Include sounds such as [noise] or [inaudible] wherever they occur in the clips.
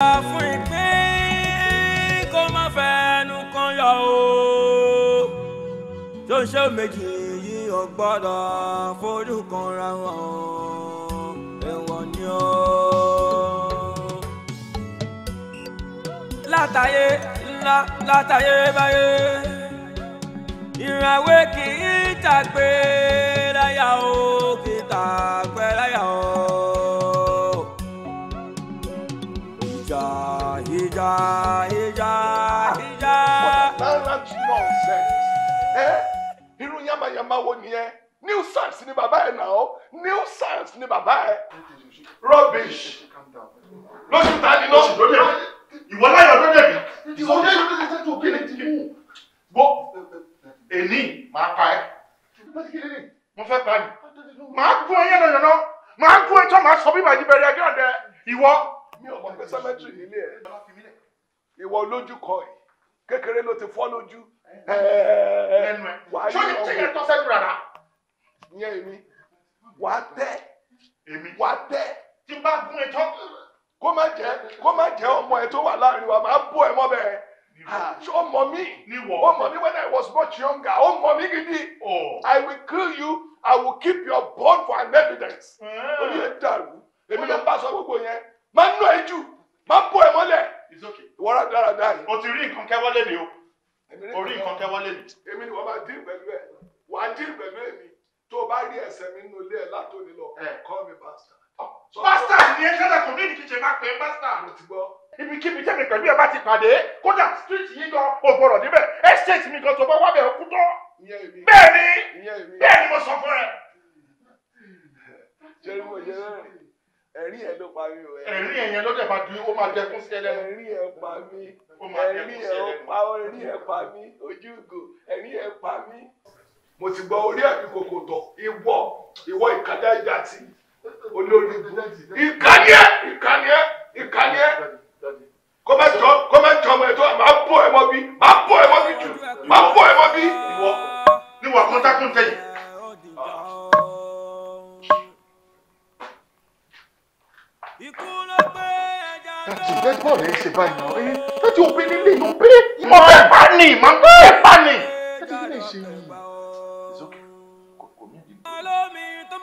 fún ìpín kó má fẹnu kan yọ o tó ń ṣe méjì yìí ò gbọ́dọ̀ fojú kan ra wọn ẹ̀wọ̀n ni o. látàyé ńlá látàyé báyé ìràwé kì í tàgbé láyà ó kì í tàgbé. irú yamayama wo nìyẹn nuisance ni bàbá ẹ náà nuisance ni bàbá ẹ rubbish lójú ta ni lọ́sùn lórí ẹ̀ ìwọ láyọ̀ lórí ẹ̀ bí ìwọ láyọ̀ lórí ẹ̀ tó kéde ti mú bó èní máa pa ẹ́ mo fẹ́ pa ni máa gún ẹyẹ náà yànnà máa gún ẹjọ́ máa sọ bí màá yí bẹ̀rẹ̀ ẹgbẹ́ ọ̀dẹ ìwọ. mi ò mọ̀ pé sẹ́mẹ́tìrì nílé ẹ̀ ìwọ lójú kọ́ ẹ̀ kékeré ló ti fọ́ lójú sọyìn tí yẹn tọ́ sẹ́nu rárá. ìyẹn èmi wà á tẹ́ wà á tẹ́. tí n bá gún ẹjọ́. kó má jẹ́ kó má jẹ́ ọmọ ẹ tó wà láàrin wa máa bó ẹ mọ́ bẹ́ẹ̀ ó ah, mọ̀ mí ó mọ̀ mí when I was much younger ó mọ̀ mí gidi I will kill you I will keep your bone for an evidence eh. orí ẹ dàrú èmi ló bá sọ gbogbo yẹn máa ń nù ẹ jù máa ń bò ẹ mọ́lẹ̀ ìwọ́n dáradára yìí. o ti rí nǹkan kẹ́wọ́lé mi o orí nǹkan tẹ́wọ́ mi. èmi ni wọ́n máa dín pẹ̀lú ẹ̀ wàá dín pẹ̀lú èmi tó o bá rí ẹsẹ̀ mi nínú ilé ẹ̀ látòní lọ call me pastor. Ah, pastor, ni ẹ tẹ́lẹ̀ kò ní ìdíje máa pè é bastard. mo ti gbọ́. ibikíbi tẹ́mi pẹ̀lú ẹ bá ti pàdé kódà street yìí gan o gbọ́dọ̀ níbẹ̀ estate mi gan tó bá wà bẹ̀ kú tọ́. bẹ́ẹ̀ ni bẹ́ẹ̀ ni mo sọ fún ẹ. jẹ́rìí mo jẹ́rìí ẹ̀rí ẹ̀ ló pa mí o. ẹ̀rí ẹ̀ yẹn ló dẹ̀ máa di ó máa dẹkún sí ẹlẹ́nu. ẹ̀rí ẹ̀ pa mí ẹ̀rí ẹ̀ pa ẹ̀rí ẹ̀ pa mí ojú ìgò ẹ̀rí ẹ̀ pa mí. mo ti gbọ́ orí ẹ̀mí kòkòtò ìwọ ìwọ ìkàdá ìjà tí olórí ìkànnìẹ́ ìkànnìẹ́ ìkànnìẹ́ kó má jọ kó má jọ ọmọ ẹ̀ tó máa bọ̀ ẹ̀ bí máa bọ̀ ẹ̀ bí jù máa bọ̀ ẹ̀ bí ìwọ níwọ̀ kọ́ńtákùn tẹ̀yìn. bọ́ọ̀lù ẹ̀ ṣe báyìí náà ẹ̀ ẹ̀ ti òbí nílé yóò pé. mo fẹ́ pa ni mo fẹ́ pa ní ìdí. olómi tó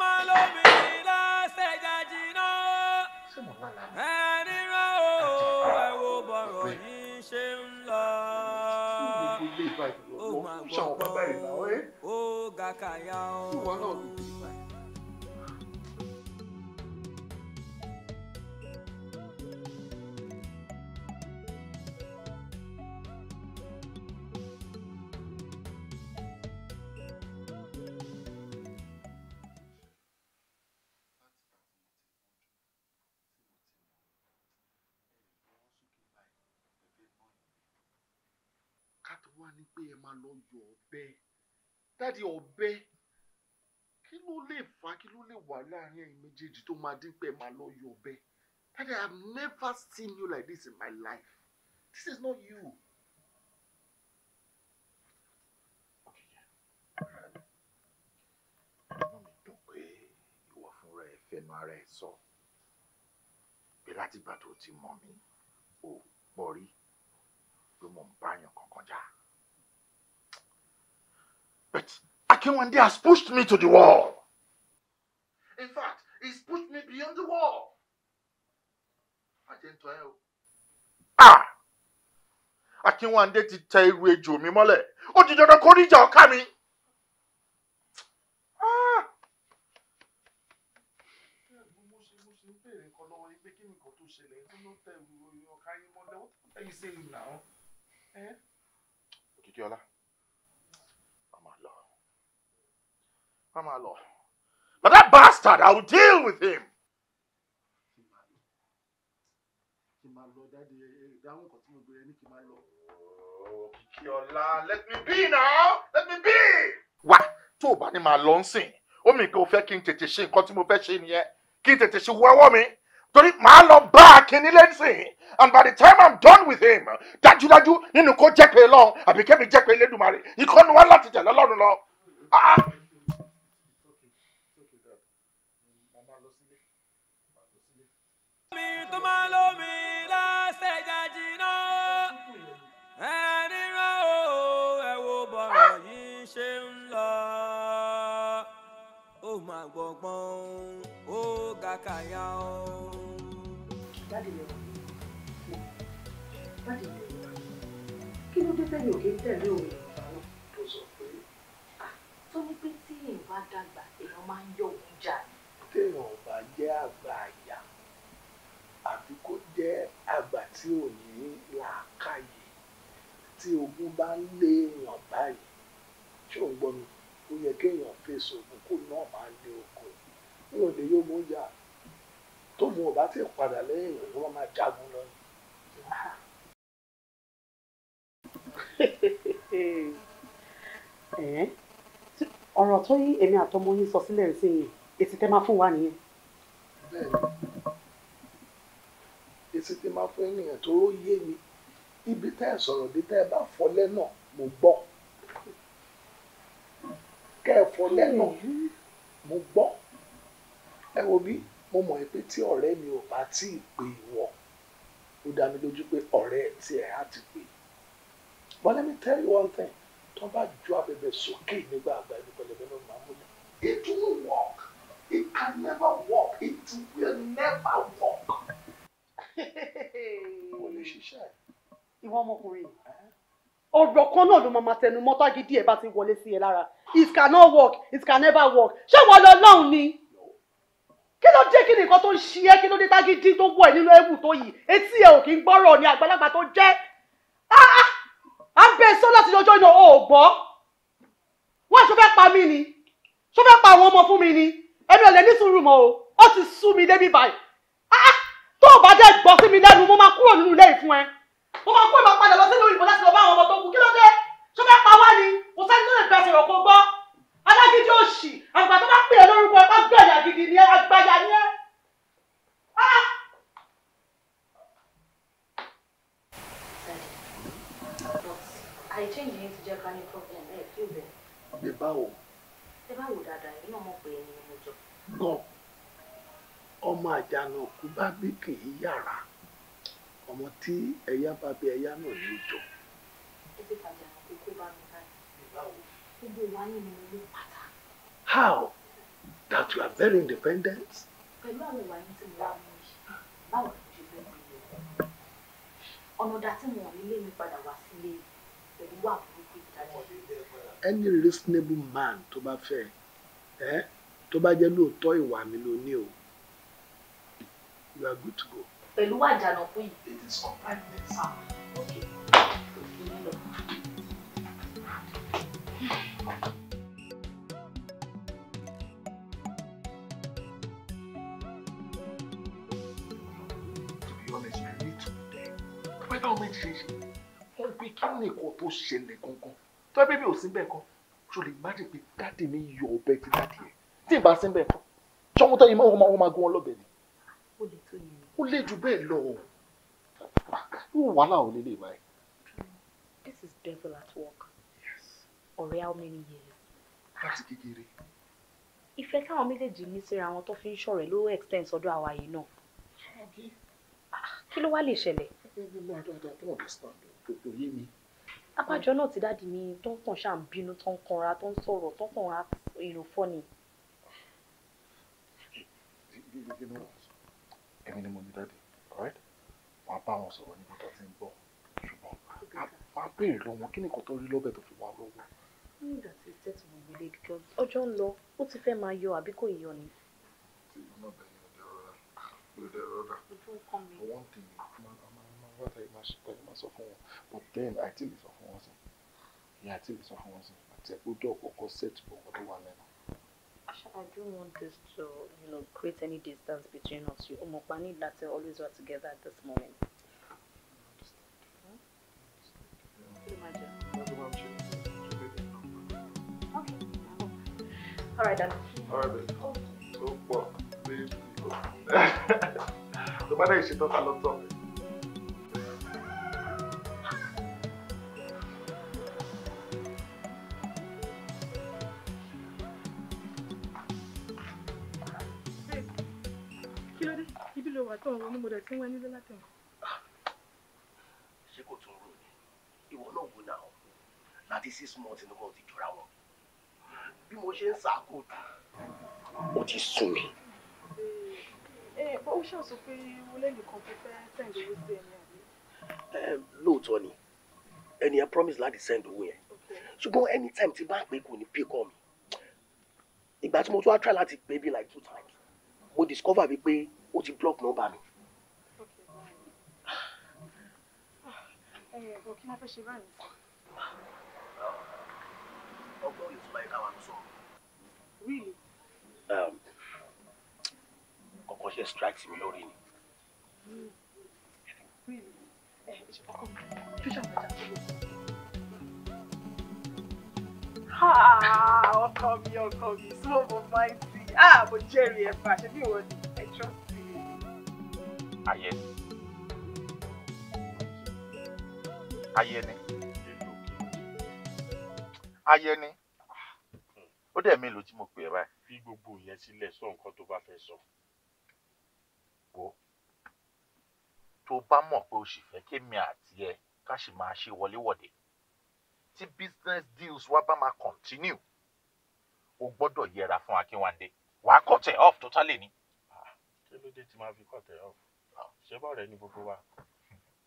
lọ yọ ọ̀bẹ dáàdi ọ̀bẹ kí ló lè fà kí ló lè wà láàrin ẹ̀yin méjèèjì tó máa dín pé máa lọ yọ ọ̀bẹ dáàdi I have never seen you like this in my life this is not you. fẹnu ara ẹ sọ pé látìgbà tó ti mọ̀ mí ò gbọ́ rí pé mò ń báyàn kankan jà. Ja. But Akinwande has pushed me to the wall. In fact, he's pushed me beyond the wall. Ajẹ́ntọ́ ẹ o. Ah! Akinwande ti tẹ irú ejò mi mọ́lẹ̀. Ó di dandan kó níjà ọ̀ká mi. Òkìkí ah! ọlá. I'm a law. But that bastard, I will deal with him. Kikiola, let me be now. Let me be. Wá tó o bá ní màá lọ ń sìn, ó mì tete o fẹ́ kí n tètè ṣe nǹkan tí mo fẹ́ ṣe nìyẹn, kí n tètè ṣe wọ́wọ́ mi. Torí màá lọ bá Akinni lẹ́sìn and by the time I'm done with him, dájúdájú nínú kó jẹ́ pé lọ́hùn àbí kẹ́mi jẹ́ pé Elédùmarè, ìkọ́ni wá láti tẹ̀lé Ọlọ́run Ah. ah. gbọ̀ngbọ̀n ó ga o. jáde lọ jáde lọ kí ló dé tẹ́lẹ̀ òkè tẹ̀lé òun ìgbà tó sọ pé ah, tó ní pé tí èèyàn bá dàgbà èèyàn máa ń yọ òun jà. téèyàn ò bá jẹ́ àgbà jẹ́ àgbà tí ò ní làákàyè tí ogun bá ń lé èèyàn báyìí ṣé ò ń gbọ́ mi ó yẹ kéèyàn fèsì ogun kó náà máa lé oko ní òde yóò mú yà tóun ò bá ti padà lẹ́yìn èèyàn ni wọ́n máa jagun lọ. [laughs] ọ̀rọ̀ tó yí èmi àtọmọ yín sọ sílẹ̀ ń sìn yìí èsì tẹ́ máa fún wa nìyẹn èsì tí máa fún ènìyàn tó yé mi ibi tẹ́ ẹ̀ sọ̀rọ̀ dé tẹ́ ẹ bá fọlẹ́ náà mo gbọ́ kẹ́ ẹ fọlẹ́ náà mo gbọ́ ẹ wo bí mo mọ̀ pé tí ọ̀rẹ́ mi ò bá tí ì pè wọ́ ó dá mi lójú pé ọ̀rẹ́ tí ẹ̀ á ti pè but let me tell you one thing tó bá ju abẹ̀bẹ̀ sókè nígbà àgbà ẹni pẹlẹbẹ ló máa mú yàn. it will work it can never work it will never work kò lè ṣiṣẹ́. ìwọ ọmọkùnrin ọ̀rọ̀ kan náà ló máa máa tẹnu mọ́ tágídí ẹ̀ bá ti wọlé sí ẹ lára it cannot work it can never work ṣé wọ́n lọ lọ́hùn ni kí ló dé kí ni nǹkan tó ń ṣe ẹ́ kí ló dé tágídí tó wọ̀ ẹ́ nínú ẹ̀wù tó yìí etí ẹ̀ ò kí ń gbọ́rọ̀ ni àgbàlagbà tó jẹ́ ah, ah, à ń bẹ sọ láti ọjọ́ náà ò gbọ́ wọ́n ṣe fẹ́ pa mí ni ṣe fẹ́ pa àwọn ọmọ fún mi ni ẹ̀mí ò lè o ó ti sú mi débi báyìí ò bá jẹ́ gbọ́ sí mi lẹ́nu mo máa kúrò nínú ilé ìfún ẹ mo máa kúrò máa padà lọ sínú ìbò láti lọ bá àwọn ọmọ tó kù kí ló dé ṣó fẹ́ pa wá ni kò sẹ́ni tó lè gba sọ̀rọ̀ kó gbọ́ alágídí òṣì àgbà tó bá pè é lórúkọ ẹ bá gbẹ̀yà gidi ni ah! ẹ ni ẹ. báwo. bẹ́ẹ̀ báwo dáadáa inú ọmọ pé ẹni mo gan-an ọmọ àjànà kú bá bí kì í yàrá ọmọ tí ẹ̀yà bá bí ẹ̀yà náà ní ìjọ. How? That you are very independent? Pẹ̀lú àwọn ìwà yìí tí mo wá mú yìí, báwo ni mo ṣe fẹ́ gbé yẹn? Ọ̀nà dá tí mo wà nílé mi padà wá sílé pẹ̀lú wà burúkú ìdájọ́. Any reasonable man tó bá fẹ́ ẹ́ tó bá jẹ́ lóòótọ́ ìwà mi ló ní o you are good to go. pẹ̀lú àjànà fún yìí. it is compliant. ah okay. pé kí ni nǹkan tó ṣẹlẹ̀ gangan tó ẹ bẹ́ẹ̀ ò sí bẹ́ẹ̀ kan tó lè má dìgbé dáàdì mi yọ ọbẹ̀ ti dáàdì ẹ̀ tí ì bá sí bẹ́ẹ̀ kan ṣọ́wọ́n tó yẹ mọ́ máa gún wọn lọ́bẹ̀ ni ó lé jù bẹ́ẹ̀ lọ yóò wàhálà ò nílé báyìí. this is devil at work ọ̀rẹ́ how many years. láti kékeré. ìfẹ́ táwọn méjèèjì ní síra wọn tó fi ń ṣọ̀rẹ́ ló extend sọ́dọ̀ àwa yìí náà kí ló wá lè ṣẹlẹ̀. abájọ náà ti dáàdi mi tó ń kàn ṣáà ń bínú tó ń kanra tó ń sọ̀rọ̀ tó ń kàn ra èrò èmi ni mo ní dáàbì right wàá bá wọn sọ̀rọ̀ níbi tó ti ń bọ̀ ṣùgbọ́n wàá béèrè lọ́wọ́ kí ni kò tó rí lọ́bẹ̀ tó fi wá lọ́wọ́. nígbà tí state mo gbélé because ọjọ́ ń lọ ó ti fẹ́ máa yọ àbí kò yọ ni. but then àìtí lè sọ fún wọn sí ìyá àti lè sọ fún wọn sí àti ojú ọ̀pọ̀ kọ́ I do want this to, you know, create any distance between us. You Omokpa need that we always work together at this moment. All right, then. All right, then. Oh. So, well, baby. The matter is she talks a lot of it. kàn ronú mo dẹ̀ tí ń wẹ nílé látẹ̀. ṣé kò tún rò ní ìwọ náà wò náà láti six months ni mo ti jọra wọn bí mo ṣe ń ṣàkóso ó ti sùn mí. ẹ ẹ ó pé mo lẹ́yìn kan tó fẹ́ send owó sí ẹni àbí. lóòótọ́ ni ẹni yẹn promise láti send owó yẹn ṣùgbọ́n anytime tí bá pè kò ní pè kọ́ mi ìgbà tí mo tún wá try láti pè bí like two times mo discover bíi pé O ti block nọ́mbà mi. [sighs] Eh, ọgbọ́n yóò tún báyìí káwa lọ sọ. Um, kọ̀kọ́ ṣe strike sí mi lórí ni. Eh, ah, ọkọ mi ọkọ mi small but mighty ah mo jẹ́rìí ẹ̀ fà ṣe bí ìwọ ni ayé ni ayé ni ayé ni ó dẹ̀ mélòó tí mo pè ẹ́ báyìí. fi gbogbo yẹn sílẹ̀ sọ nǹkan tó bá fẹ́ sọ. wo tó bá mọ̀ pé o sì fẹ́ kémi àti ẹ ká sì máa ṣe wọléwọ̀de tí business deals wa bá máa continue o gbọ́dọ̀ yẹra fún Akínwándé wàá cut ẹ̀ off totally ni. Ah, kí ló dé tí màá fi cut ẹ̀ off ṣé bọ̀rẹ̀ ni gbogbo wa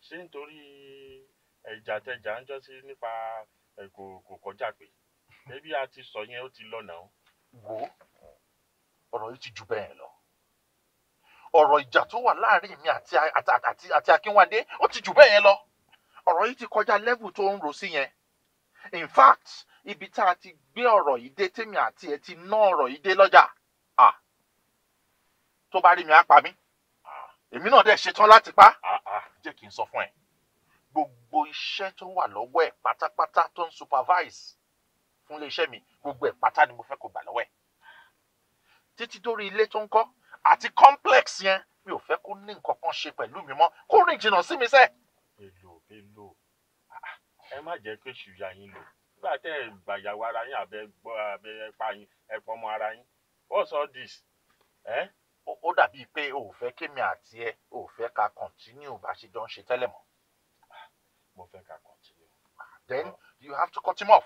ṣé nítorí ẹ̀jà tẹjà ń jọ́sí nípa kò kọjá pé ẹbí a ti sọ yẹn ó ti lọ o wo ọ̀rọ̀ yìí ti ju bẹ́ẹ̀ lọ ọ̀rọ̀ ìjà tó wà láàrin mi àti àti àti Akínwádé ó ti jù bẹ́ẹ̀ yẹn lọ ọ̀rọ̀ yìí ti kọjá lẹ́vù tó ń rò sí yẹn in fact ibi tá a ti gbé ọ̀rọ̀ yìí dé tèmi àti ẹ̀ ti ná ọ̀rọ̀ yìí dé lọ́jà tó bá rí mi á pa mí èmi náà dẹ̀ ṣetán láti pa jẹ́ kí n sọ fún ẹ gbogbo iṣẹ́ tó wà lọ́wọ́ ẹ̀ pátápátá tó ń supervise fún iléeṣẹ́ mi gbogbo ẹ̀ pátá ni mo fẹ́ kó gbà lọ́wọ́ ẹ̀ títí dórí ilé tó ń kọ́ àti complex yẹn mi ò fẹ́ kó ní nǹkan kan ṣe pẹ̀lú mi mọ́ kó rìn jìnnà sí mi sẹ́. èlò èlò ẹ má jẹ́ pé ṣùyà yín lò nígbà tẹ́ ẹ gbàyàwó ara yín àbẹ gbọ́ àbẹ ẹ̀pà yín ẹ̀pọ̀ ọmọ ara yín what's all this? Eh? ó dàbíi pé o fẹ́ kémi àti ẹ o fẹ́ ká continue bá ṣe jọ ń ṣe tẹ́lẹ̀ mọ́. Ah, mo fẹ́ ká continue. Ah, then you have to cut him off.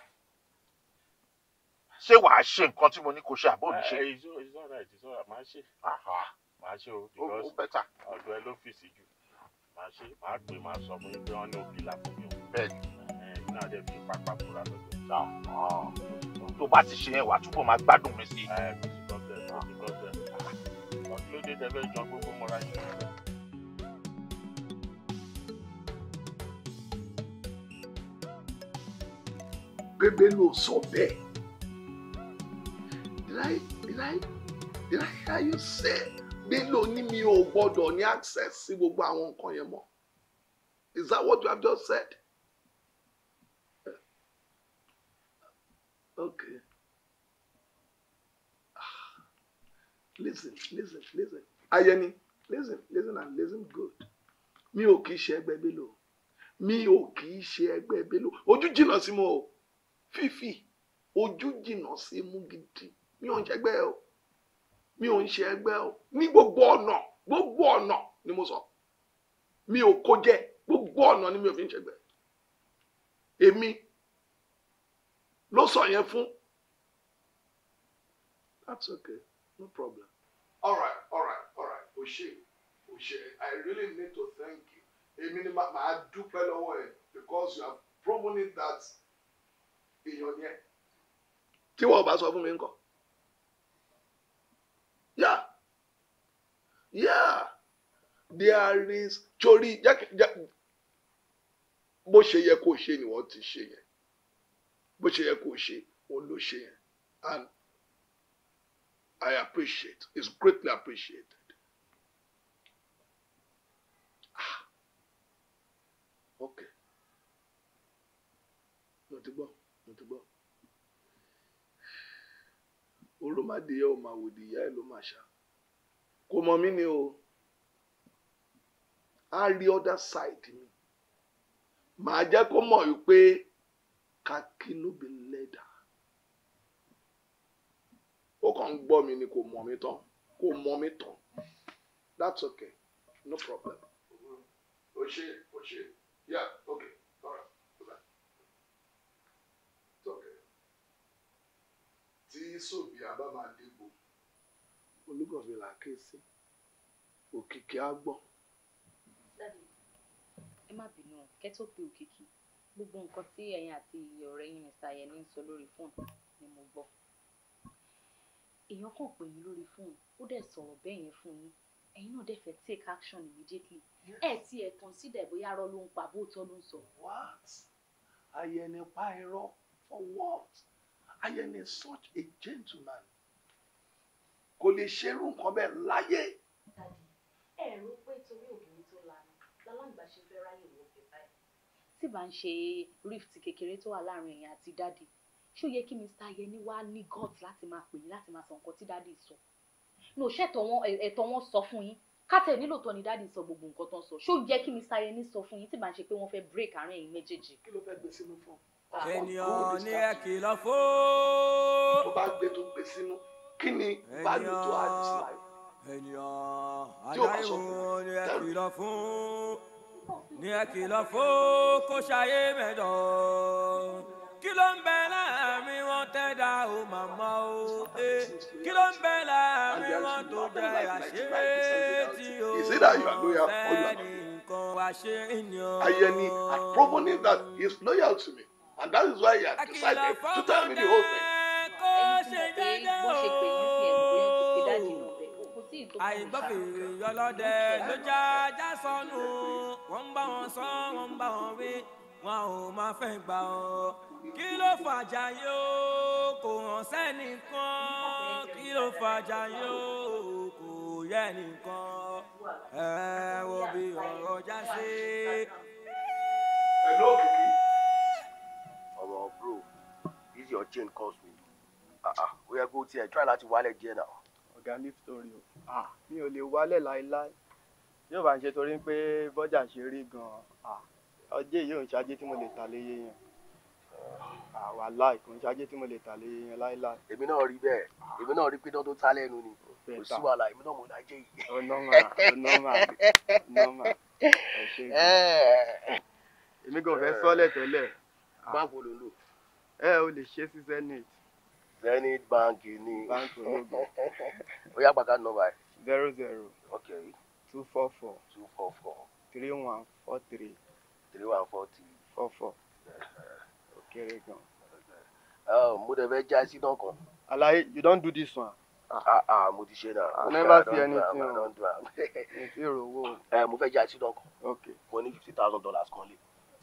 ṣé wàá ṣe nǹkan tí mo ní kó ṣe àbó mi ṣe. Eh, it's all right it's all right màá ṣe. màá ṣe o because ọ̀dọ̀ ẹ ló fèsì jù màá ṣe màá pè màá sọ fún yín pé wọ́n ní òbí làkúnyìn o. bẹ́ẹ̀ni eh, iná dẹ̀ fi pápá fúra lọ́dọ̀ náà. Ah. tó bá ti ṣe yẹn wàá túbọ̀ máa gbádùn mi sí i. ẹ eh, kò sí problem kò sí problem wọn kí ló dé tẹ́fẹ́ jọ gbogbo mọ́ra yìí. bíbélì ò sọ bẹ́ẹ̀ did I hear you say bíbélì ò ní mi ò gbọ́dọ̀ ní access si gbogbo àwọn nǹkan yẹn mọ́ is that what you have just said? Okay. listen listen listen ayẹni listen listen and listen good mi ò kì í ṣe ẹgbẹ́ Bello mi ò kì í ṣe ẹgbẹ́ Bello ojú jìnnà sí mu o fífi ojú jìnnà sí mu gidi mi ò ń ṣe ẹgbẹ́ o mi ò ń ṣe ẹgbẹ́ o ní gbogbo ọ̀nà gbogbo ọ̀nà ni mo sọ mi ò kó jẹ gbogbo ọ̀nà ni mi ò fi ń ṣẹgbẹ́ èmi ló sọ yẹn fún that's okay no problem all right all right all right o ṣe i really need to thank you èmi ni màá dúpẹ́ lọ́wọ́ ẹ because you have proven it that èèyàn ni ẹ. tí wọn ò bá sọ fún mi ńkọ́ yá yá there is torí bó ṣe yẹ kó ṣe ni wọ́n ti ṣe yẹn bó ṣe yẹ kó ṣe òun ló ṣe yẹn and I appreciate. It's greatly appreciated. Ah, okay. Mo ti gbọ́, mo ti gbọ́. Olómàdìyẹ ò máa wòdì ìyá ẹ̀ ló máa ṣá. Kò mọ̀ ni o. Á the other side mi. Màá jẹ́ kó mọ̀ wípé Kakinobi leader ó kàn ń gbọ́ mi ni kò mọ̀ mi tán kò mọ̀ mi tán that's okay no problem. o ṣe o ṣe ya okay alright alright okay tí sòbí àbá máa dìbò olúkọ̀ọ́bí là ké sí òkìkí á gbọ́. ẹ má bínú kẹ́ tó pe òkìkí gbogbo nǹkan tí ẹ̀yin àti ọ̀rẹ́ yín mr yẹn ń sọ lórí fóònù ni mo gbọ́ èèyàn kàn pè yín lórí fóònù ó dẹ̀ sọ̀rọ̀ bẹ́ẹ̀ yẹn fún yín ẹ̀yin náà dẹ̀ fẹ́ take action immediately ẹ ti ẹ̀ consider bóyá arọ́ ló ń pa bóòtọ́ ló ń sọ. what ayẹni pa irọ́ for what ayẹni such a gentleman kò lè ṣerú nǹkan bẹ́ẹ̀ láyé. ẹ rò pé torí obìnrin tó lanu lálàgbà ṣe fẹ́ ráyè wọ bẹ̀ báyìí. tí bá ń ṣe rift kékeré tó wà láàrin ẹ̀yin àti dáàdi ṣó yẹ kí mr yẹni wá ní gut láti máa pè yín láti máa sọ nǹkan tí dáàdì sọ ní òṣè ẹ̀tọ́ wọn sọ fún yín kátẹ́ nílò tó ni dáàdì sọ gbogbo nǹkan tó sọ ṣó yẹ kí mr yẹni sọ fún yín tí bá ṣe pé wọ́n fẹ́ break àárín ẹ̀yin méjèèjì. kí ló fẹ́ gbé sínú fún ènìyàn ah, ní ẹ kìlọ̀ fún. tó bá gbé tó gbé sínú kí ni value tó add sí life. ènìyàn aláìwo ní ẹ kìlọ̀ fún ní ẹ kìlọ̀ fún kó ṣayé kí ló ń bẹ láàrin wọn tẹ́dá o màmá o eh, kí ló ń bẹ láàrin wọn tó jẹ àṣírí tí o fẹ́ nǹkan wá ṣe ni Ayẹni had proven that he is loyal to me and that is why he had decided to tell me the whole thing. ẹ̀yin tí ṣe pé yín sí ẹ̀ ló já sọnù wọ́n ń bá wọn sọ wọ́n ń bá wọn wí wọn ò máa fẹ́ gbà ọ́ kí ló fàjà yóò kò hàn sẹ́nìkan kí ló fàjà yóò kò yẹ nìkan ẹ wo bí ọ̀rọ̀ já sí. ẹ̀lú òkìkí ọ̀rọ̀ bro this your chain cost me ah, ah, ó yẹ kó tiẹ̀ try láti wálẹ̀ díẹ̀ náà. ọ̀gá ní sórí o ah, mi ò lè wálẹ̀ láéláé yóò bá ń ṣe torí pé bọ́jà ṣe rí gan-an ajé yìí òun ṣe ajé tí mo lè tà léyé yẹn àwa ah, láì kò ń ṣe ajé tí mo lè tà léyé yẹn láíláì. èmi náà rí bẹ́ẹ̀ èmi náà rí pé dán tó ta lẹ́nu ni kò sí wàhálà èmi náà mo ní ajé yìí. nọ́mà nọ́mà nọ́mà ẹ ṣe é. Eh. èmi gan fẹ́ sọ́lẹ̀ tẹ́lẹ̀. Ah. báwo ló lò. ẹ o lè ṣe sí zenith. zenith bank ni. bank ológo. [laughs] ó yá gbàgá zero zero. okay. two four four. two four four. three one four three three one forty. four four ó kéré gan. Oh, mo dẹ̀ fẹ́ já sí náà kan. alaye you don do this one. ah ah mo ti ṣe na. Ah, i never see anything o [laughs] mi ti rò owó. ẹ eh, mo fẹ́ já sí náà kan. mo ní fifty thousand dollars kan lé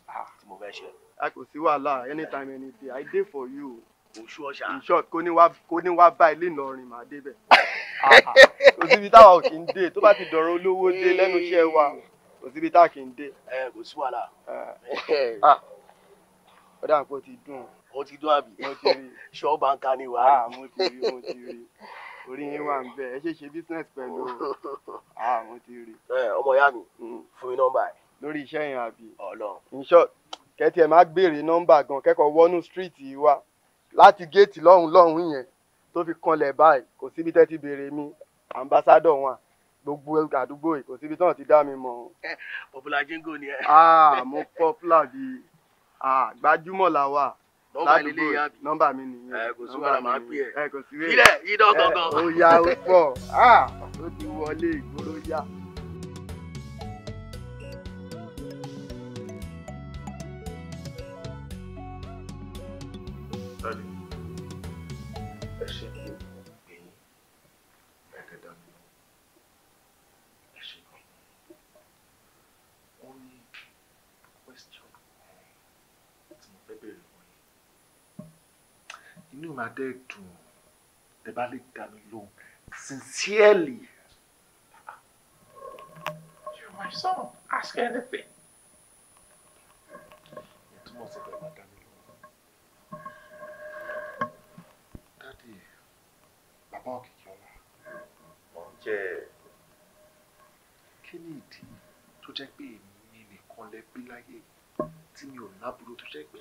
ah. tí mo fẹ́ ṣe. a kò sí wàhálà anytime any day i dey for you oṣù ọṣà. in short kò ní wá kò ní wá bá ilé Ìlọrin màá débẹ̀ [laughs] kò síbi táwa ò kì í dé tó bá ti dọ̀rọ̀ olówó dé lẹ́nu iṣẹ́ wa kò síbi tá a kì í dé. ẹ kò sí wàhálà. [laughs] Ah. ó dà pé ó ti dùn. ó ti dùn àbí. mo ti rí [laughs] ṣọ́ọ̀bù àǹkà ni wàá. Ah, mo ti rí mo ti rí orí yín wà ń bẹ ẹ ṣe ṣe business pẹ̀lú [laughs] ah, mo ti rí. ọmọ ìyá mi hmm. fún mi nọ́mbà ẹ. lórí iṣẹ́ yẹn àbí. ọlọ́run. in short kẹ́tì ẹ̀ máa gbèrè nọ́mbà gan kẹ́kọ̀ọ́ wọnú street wa láti géètì lọ́hùn-ún lọ́hùn-ún yẹn tó fi kanlẹ̀ báyìí kò síbi tẹ́tí béèrè mi ambassador wọn gbogbo àdúgbò kò síbi tí wọn ti dá mi mọ̀. Eh, popular jingo ni ẹ. Ah, mo popular bi ah, gbajúmọ̀ la wà ládùúgbò nọ́mbà mi nìyẹn eh, kò sí wàhálà máa pè ẹ eh, kò sí wàhálà gangan. ó yá ó pọ̀ ah, ó ti wọlé ìgboro yá. máa dẹ́ dùn tẹ́ bá lè dá sincerely. You're my son. Ask anything. Ìtumọ̀ sí pé máa dá mi lóhùn. Dádì, bàbá òkìkí ọ̀la. Mo ń jẹ́ ẹ̀. Kí ni ìdí tó jẹ́ pé èmi nìkan lẹ bí láyé tí mi ò lábúrò tó jẹ́ pé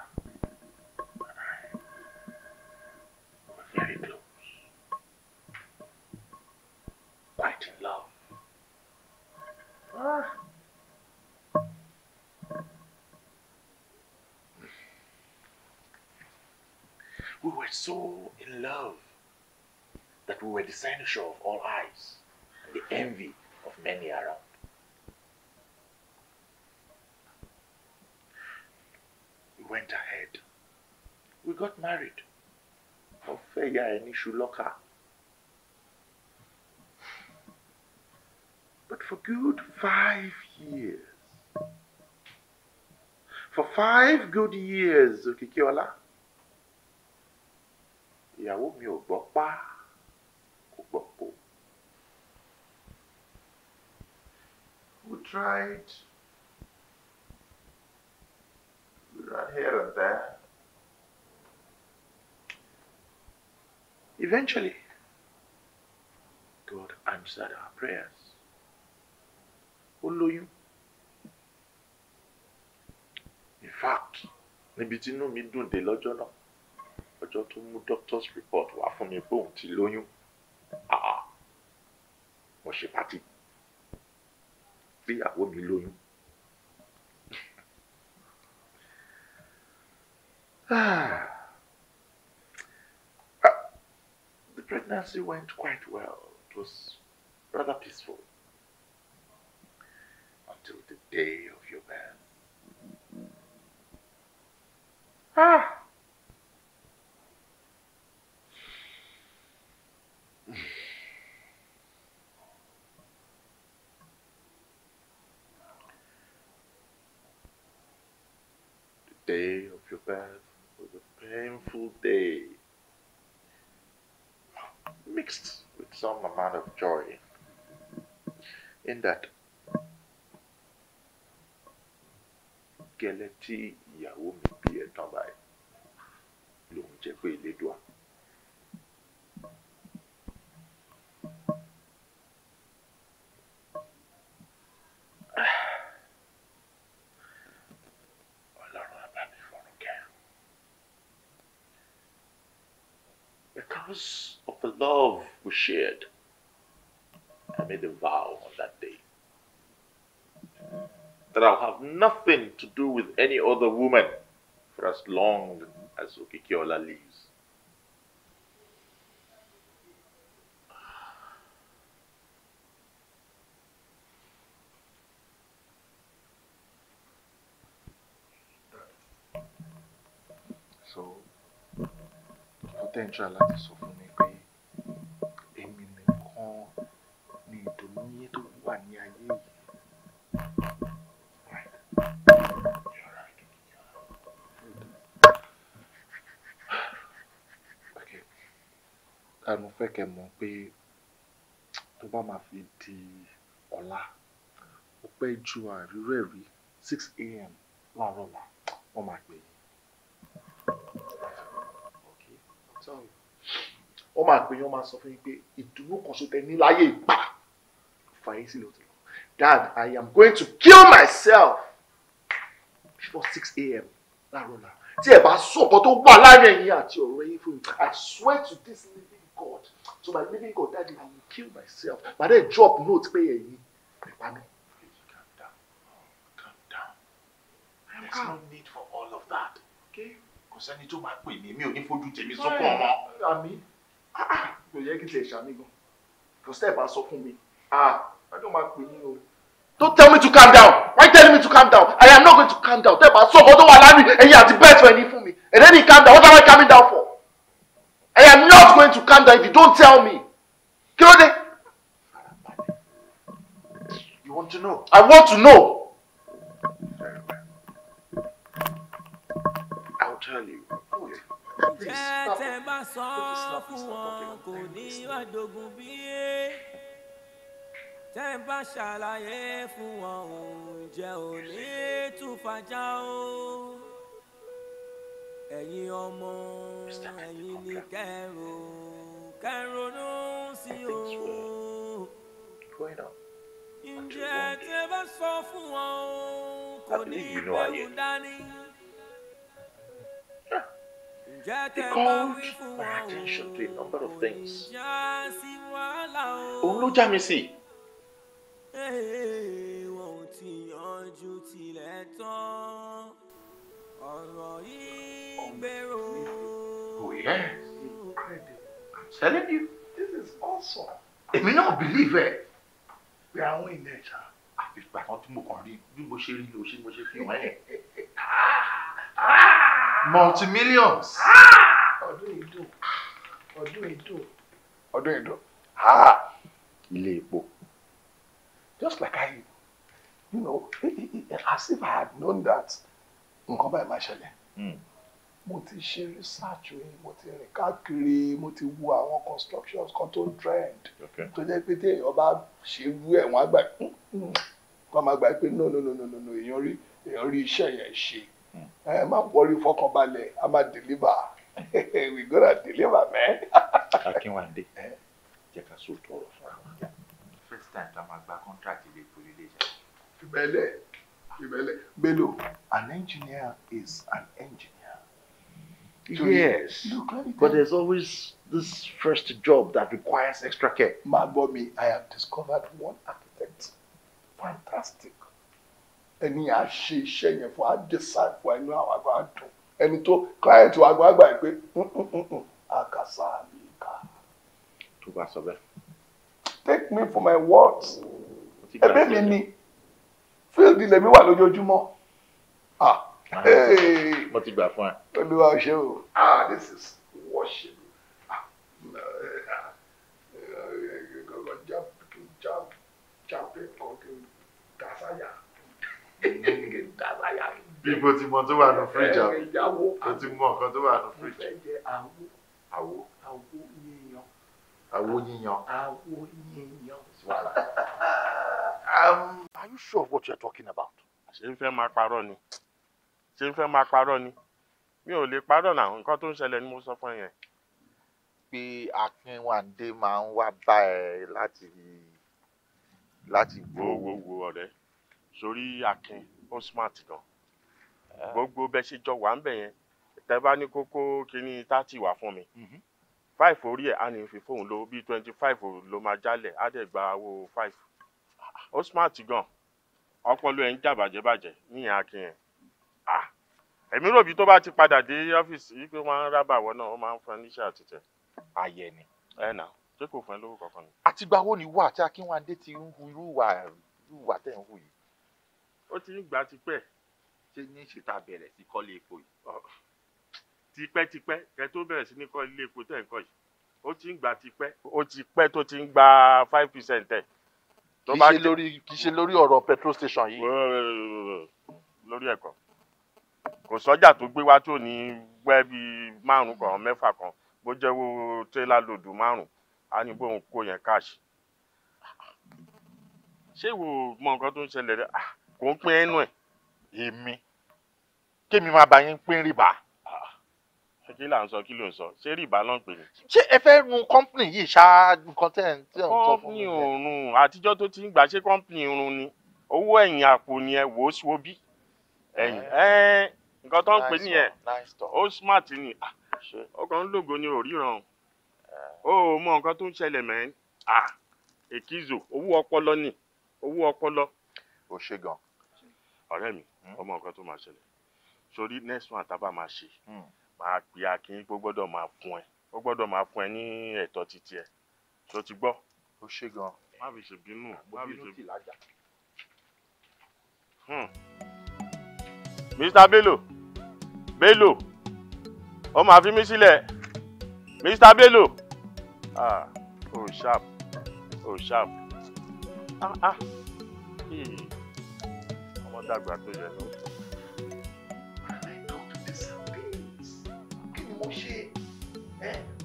so in love that we were the cynosure of all eyes and the envy of many around. We went ahead. We got married. Ofeya and Ishuloka. But for good five years, for five good years, Okikiola, ìyàwó mi ò gbọ́ pa kò gbọ́ po. We tried we ran here and there. Eventually, God answered our prayers. Ó lóyún. In fact, níbi tí inú mi dùn dé lọ́jọ́ náà. ọjọ́ tó mú doctor's report wá fún mi pé òun ti lóyún ah, mo ṣe pàtì fíyàwó mi lóyún. Ah. Ah, the pregnancy went quite well. It was rather peaceful until the day of your birth. Ah! day of your birth was a painful day, mixed with some amount of joy, in that gẹ́lẹ́ tí ìyàwó mi bí ẹ̀tàn báyìí lòun jẹ́ pé ìlédùá. because of the love we shared, I made a vow on that day that I'll have nothing to do with any other woman for as long as Okikiola lives. tẹ́ǹtra láti sọ fún mi pé èmi nìkan ni ìdùnnú yẹn tó wà ní ayé yìí. ẹnu fẹ́ kẹ́ mọ̀ pé tó bá máa fi di ọ̀la ó pẹ́ ju àríró ẹ̀rí six a.m. láàárọ̀ la wọ́n máa gbé yín. wọ́n máa pè yín wọ́n máa sọ fún yín pé ìdùnnú kan ṣo tẹ ní láyé ìpà fàyè sílẹ̀ òtún lọ dad i am going to kill myself before six a.m. láàárọ̀ náà tí ẹ bá sọ ọ̀pọ̀ tó wà láàrin ẹ̀yin àti ọ̀rọ̀ yín fún mi i swear to this living god to my living god daddy i will kill myself but then drop note pé ẹ̀yin pẹ̀pá mi. calm down calm down there is no need for sẹ́ni tó máa pè mí mi ò ní fojú tèmi sọ́kàn ọmọ. àmì ah, ah, kò yẹ kí n lè ṣàmì gan kò sẹ́ẹ̀ bá sọ fún mi ọjọ́ ah, máa pè yín o. don't tell me to calm down why tell me to calm down i am not going to calm down tẹ́ẹ̀ bá sọ ọkọ tó wà lánàá ẹ̀yin àti bẹ́ẹ̀ tó ẹni fún mi and then he calm down what am I calming down for i am not going to calm down if you don't tell me kí ló dé. you want to know. i want to know. tell you. tẹ́tẹ́ bá sọ fún wọn kò ní wàdógún bí tẹ́ bá ṣàlàyé fún wọn oúnjẹ ò ní túfàjà o ẹ̀yin ọmọ ẹ̀yin ní kẹ́rò kẹ́rònú sí o ǹjẹ́ tẹ́ bá sọ fún wọn kò ní bẹ́ẹ̀ dání. It called my attention to a number of things. Òun ló já mi sí. Oh yes, incredible. I'm telling you, this is awesome. Èmi náà believe ẹ̀. Pé àwọn ènìyàn ṣá. Àfi ìgbà kan tí mo kàn rí bí mo ṣe rí ló ṣe mo ṣe fi hàn ẹ̀. [laughs] multimillions. ọdún ìdùn ọdún ìdùn. ọdún ìdùn ilé epo just like I you know e, e, e, as if I had known that nǹkan báyìí máa ṣẹlẹ̀ hmm. mo ti ṣe research yìí mo ti rìn káàkiri mo ti wo àwọn constructions kan tó trend tó jẹ́ pé téèyàn bá ṣe wú ẹ̀wọ̀n àgbà kó máa gbà pé no no no no no èèyàn rí èèyàn rí iṣẹ́ yẹn ṣe ẹ má wọrí fọkànbalẹ̀ a máa deliver [laughs] we gonna deliver mẹ́. [laughs] akínwándé jẹ́ ká sọ tọrọ fúnra wa first time tá a máa gba contract ilé ìpolí ilé ìjà. ìbẹ̀lẹ̀ ìbẹ̀lẹ̀ Bello an engineer is an engineer. So yes but there's always this first job that requires extra care. máa gbọ́ mi I have discovered one architect fantastic ẹni à ṣe iṣẹ́ yẹn fún àdésáì fún ẹnu àwọn àgbà dùn ẹni tó client wa àgbà àgbà yìí pé àkàsà mi kà. tó bá sọ bẹ́ẹ̀. take me for my words ẹ̀bẹ̀ mi ni fíìlì lèmi wà lójoojúmọ́. mo ti gbà fún ẹ. olúwa ṣe o ah this is worship. Jumping, jumping, bí mo ti mọ tó wà nù fíríjà mo ti mọ nǹkan tó wà nù fíríjà àwo àwo yíyan àwo yíyan. Um, are you sure of what you are talking about? ṣé ń fẹ́ máa parọ́ ni ṣé ń fẹ́ máa parọ́ ni mi ò lè parọ́ náà nǹkan tó ń ṣẹlẹ̀ ni mo sọ fún yẹn. pé Akínwándé máa ń wá bá ẹ láti láti gbowó ọ̀rẹ́ sórí akin ó smart gan ah. gbogbo bẹ ṣe jọ wà ń bẹ yẹn tẹ bá ní kókó kínní tátì wà fún mi mhm. five orí ẹ á ní fi fóun lo bíi twenty five ló máa jálẹ̀ á dẹ̀ gba owó five ó smart gan ọpọlọ ẹ ń jà bàjẹ́ bàjẹ́ níyẹn akin yẹn ah! èmi rò bí tó bá ti padà dé ọ́fíìsì yìí pé wọ́n á rábà wọ náà ó máa ń fún ẹ níṣẹ́ àtìtẹ̀. ayẹ ni. ẹ nà ṣé kò fún ẹ lówó kankan ni. àtìgbà wo ni wà tí akínwándé ti ń hu irú wà irú wà tẹ̀ ń hu yìí ó ti ń gbà tipẹ́ ṣe ní ṣètà bẹ̀rẹ̀ sí kọ́lé epo yìí tipẹ́tipẹ́ kẹ́ tó bẹ̀rẹ̀ sí ní kọ́lé epo tẹ̀ ń kọ́ yìí ó ti ń gbà tipẹ́ ó ti pẹ́ tó ti ń gba five percent ẹ̀ tó bá kì í ṣe lórí kì í ṣe lórí ọ̀rọ̀ petrol station yìí. lórí ẹ̀kọ́ kò sọ́jà tó gbé wá tó ní wẹ́ bí márùn kan mẹ́fà kan bó jẹ́wọ́ tírélà lòdù márùn á ní bóun kó yẹn káàṣì. ṣé ìwò mọ nǹkan tó ń ṣẹlẹ̀ rẹ̀ ah kò ń pín ẹnu ẹ̀ èmi kémi máa bá yín pín rìbá kí là ń sọ kí ló ń sọ ṣé rìbá náà pè ní. ṣé ẹ fẹ́ run kọ́ńpìnì yìí ṣáájú kan tẹ̀ ń tẹ̀ ń sọ fún mi. kọ́ńpìnì òrùn àtijọ́ tó ti ń gbà ṣé kọ́ńpìnì òrùn ni owó ẹ̀yìn àpò ni ẹ wò ó sí obí ẹ̀yìn ẹ̀ẹ́n nǹkan tó ń pè ní ẹ̀ ó smart ni ọkàn lógo ni ò ríran eh. o mọ nǹkan tó ń ṣẹlẹ̀ mẹ́rin èkìzò owó ọpọlọ ni owó ọpọlọ. ó ṣe gan-an ọ̀rẹ́ mi hmm. ọmọ nǹkan tó máa ṣẹlẹ̀ sórí next one tá a bá máa ṣe máa hmm. pe akin pé ó gbọ́dọ̀ máa fún ẹ ó gbọ́dọ̀ máa fún ẹ ní ẹ̀tọ́ títí ẹ tó ti gbọ́. ó ṣe gan. má fi ṣèbínú má fi ṣèbínú. Mr. Hmm. Bello Bello ó máa fi mí sílẹ̀ Mr. Bello ah oh sharp oh sharp ah ah. Hmm wọn dàgbà tó yẹ lọ. kí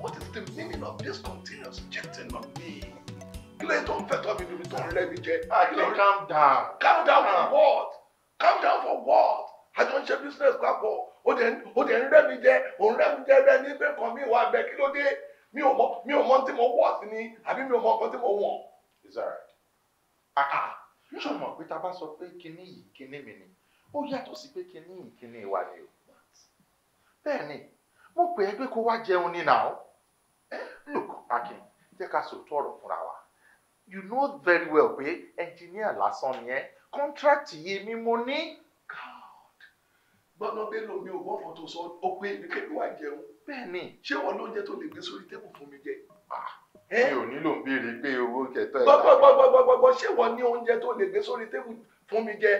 what is the meaning of this continuous cheating on me. Ah, calm down. calm down for ah. what calm down for what àjọṣe business papọ̀ ó dẹ̀ ń rẹ́ mi jẹ òun rẹ́ mi jẹ rẹ́ ní bẹ́ẹ̀ kan mi wà bẹ́ẹ̀ kí ló dé mi ò mọ mi ò mọ tí mo wọ̀ sí ni àbí mi ò mọ nǹkan tí it's alright ṣọ mọ̀ pé tá a bá sọ pé kinní yìí kinní mi ni ó yàtọ̀ sí pé kinní yìí kinní wa ni o bẹ́ẹ̀ ni mo pè é pé kó wá jẹun ní nà eh, look Akin jẹ́ ká sòótọ́ ọ̀rọ̀ fúnra wa you know very well pé engineer, lásán ni ẹ́ kọ́ńtrákìtì yìí mi mo ní. gbọ́dọ̀ bẹ́ẹ̀ lomi ò gbọ́fọ̀ tó sọ ọ pé kébí wàá jẹun. bẹ́ẹ̀ ni ṣé wọn lóúnjẹ tó lè gbé sórí tẹ́bù fún mi jẹ. Ah mi eh? ò nílò béèrè pé owó kẹtọ ẹ. gbọgbọgbọgbọgbọ ṣé wọ́n ní oúnjẹ tó lè gbé sórí tébù fún mi jẹ.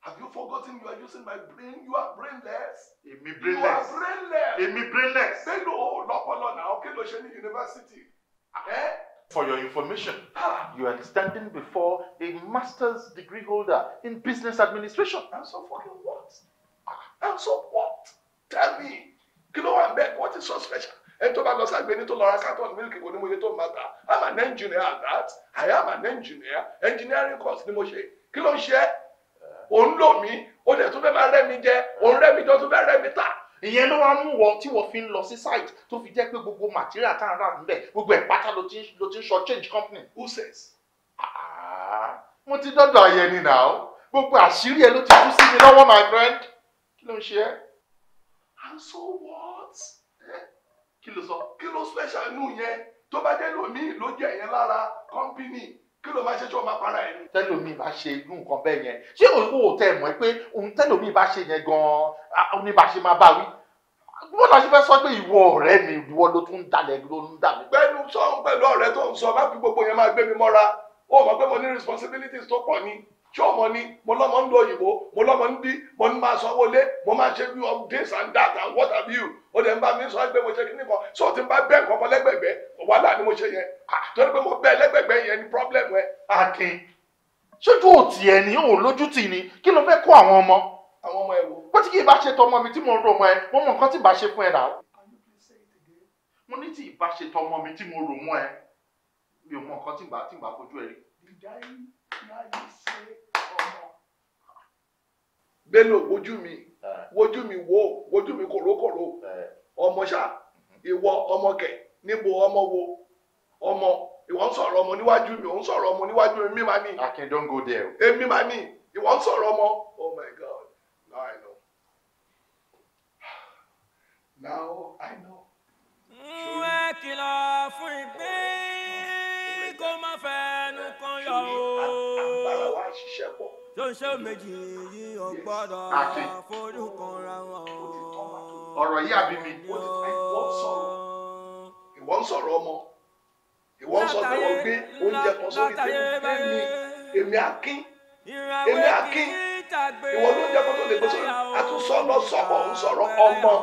Have you forgotten you are using my brain? You are brainless. Èmi brainless. You are brainless. Èmi brainless. Bello lọ́pọlọ náà kí ló ṣe ní yunifásitì. Eh? For your information, ah. you are standing before a master's degree holder in business administration. And so fucking what? Ah. And so what? Tell me. Kí ló wà ń bẹ́ẹ̀? What is so special? ẹni tó bá lọ ságbéni tó lọ ra carton milk kò ní mo yẹ tó máa ta i'm an engineer at that i am an engineer engineering course ni mo ṣe kí ló ń ṣe òun lò mí ó dẹ̀ tún fẹ́ máa rẹ́ mi jẹ òun rẹ́ mi jọ tún fẹ́ rẹ́ mi tà ìyẹn ló wá mú wọn tí wọn fi ń lọ sí site tó fi jẹ́ pé gbogbo material tá à rà níbẹ̀ gbogbo ẹ̀ pátá ló ti ń sọ change company who says. Ah, mo ti dọ́dọ̀ ayẹni náà gbogbo àṣírí ẹ ló ti kú sí mi lọ́wọ́ my friend kí ló ń ṣe and so what kí ló sọ kí ló special nù yẹn tó bá jẹ́ lòmíì ló jẹ́ yẹn lára kọ́ńpínì kí ló máa ṣe tí wọ́n máa para ẹ̀ ni. tẹ́lómi bá ṣe irú nǹkan bẹ́ẹ̀ yẹn ṣé òun ò tẹ́ ẹ̀ mọ̀ pé òun tẹ́lómi bá ṣe yẹn gan-an òun bá ṣe máa bá wí wọ́n náà fẹ́ sọ pé ìwọ ọ̀rẹ́ mi ìwọ ló tún ń dalẹ̀ ló ń dà mí. pẹ̀lú sọ́hún pẹ̀lú ọ̀rẹ́ tó ń sọ bá fi gbogbo yẹn máa gbé mi mọ́ra ó mọ̀ pé mo ní responsibilities tó pọ̀ ni tí ọmọ ni mo lọ́mọ ń lo òyìnbó mo lọ́mọ ń dí mo ń máa sanwó lé mo máa ṣe bí of this and that and what have you ó dẹ̀ ń bá mi sọ pé mo ṣe kíní kan so ti ń bá bẹ́ẹ̀ nǹkan kan lẹ́gbẹ̀gbẹ́ wàhálà ni mo ṣe yẹn torí pé mo bẹ́ẹ̀ lẹ́gbẹ̀gbẹ́ yẹn ni problem ẹ. Akin ṣojú òtì ẹ ní òun lójú tì ní kí ló fẹ́ kó àwọn ọmọ. àwọn ọmọ ẹ wo. bó ti kì í bá ṣe tọmọ mi tí mo ń rò mọ ẹ mo mọ nǹkan tí bá ṣe fún ẹ rà ó. mo ní tí ì bá ṣe tọmọ mi tí mo rò mọ ẹ mi ò mọ nǹkan tí bá tí bá fojú ẹ rí bello wojú mi eh. wojú mi wo wojú mi kòrókòró eh. ọmọ ṣá mhm. ìwọ ọmọ kẹ níbo ọmọ wo ọmọ ìwọ ń sọ̀rọ̀ ọmọ níwájú mi òun sọ̀rọ̀ ọmọ níwájú mi mi máa ní. akin don go there. èmi máa ní ìwọ ń sọ̀rọ̀ ọmọ oh my god now i know now i know. ń kìlọ̀ fún ìgbín. ṣẹ̀pọ̀. ṣóńṣe méjì yìí ò gbọ́dọ̀ forúkọra wọn. ọ̀rọ̀ yìí àbí mi ó ti pẹ́ ìwọ ń sọ̀rọ̀ ìwọ ń sọ̀rọ̀ ọmọ ìwọ ń sọ pé wọ́n gbé oúnjẹ kan sórí tèmi èmi èmi àkín èmi àkín ìwọ ló jẹ́ kó tó lè gbé sórí àtúnṣọ́ lọ sọ̀rọ̀ ń sọ̀rọ̀ ọmọ.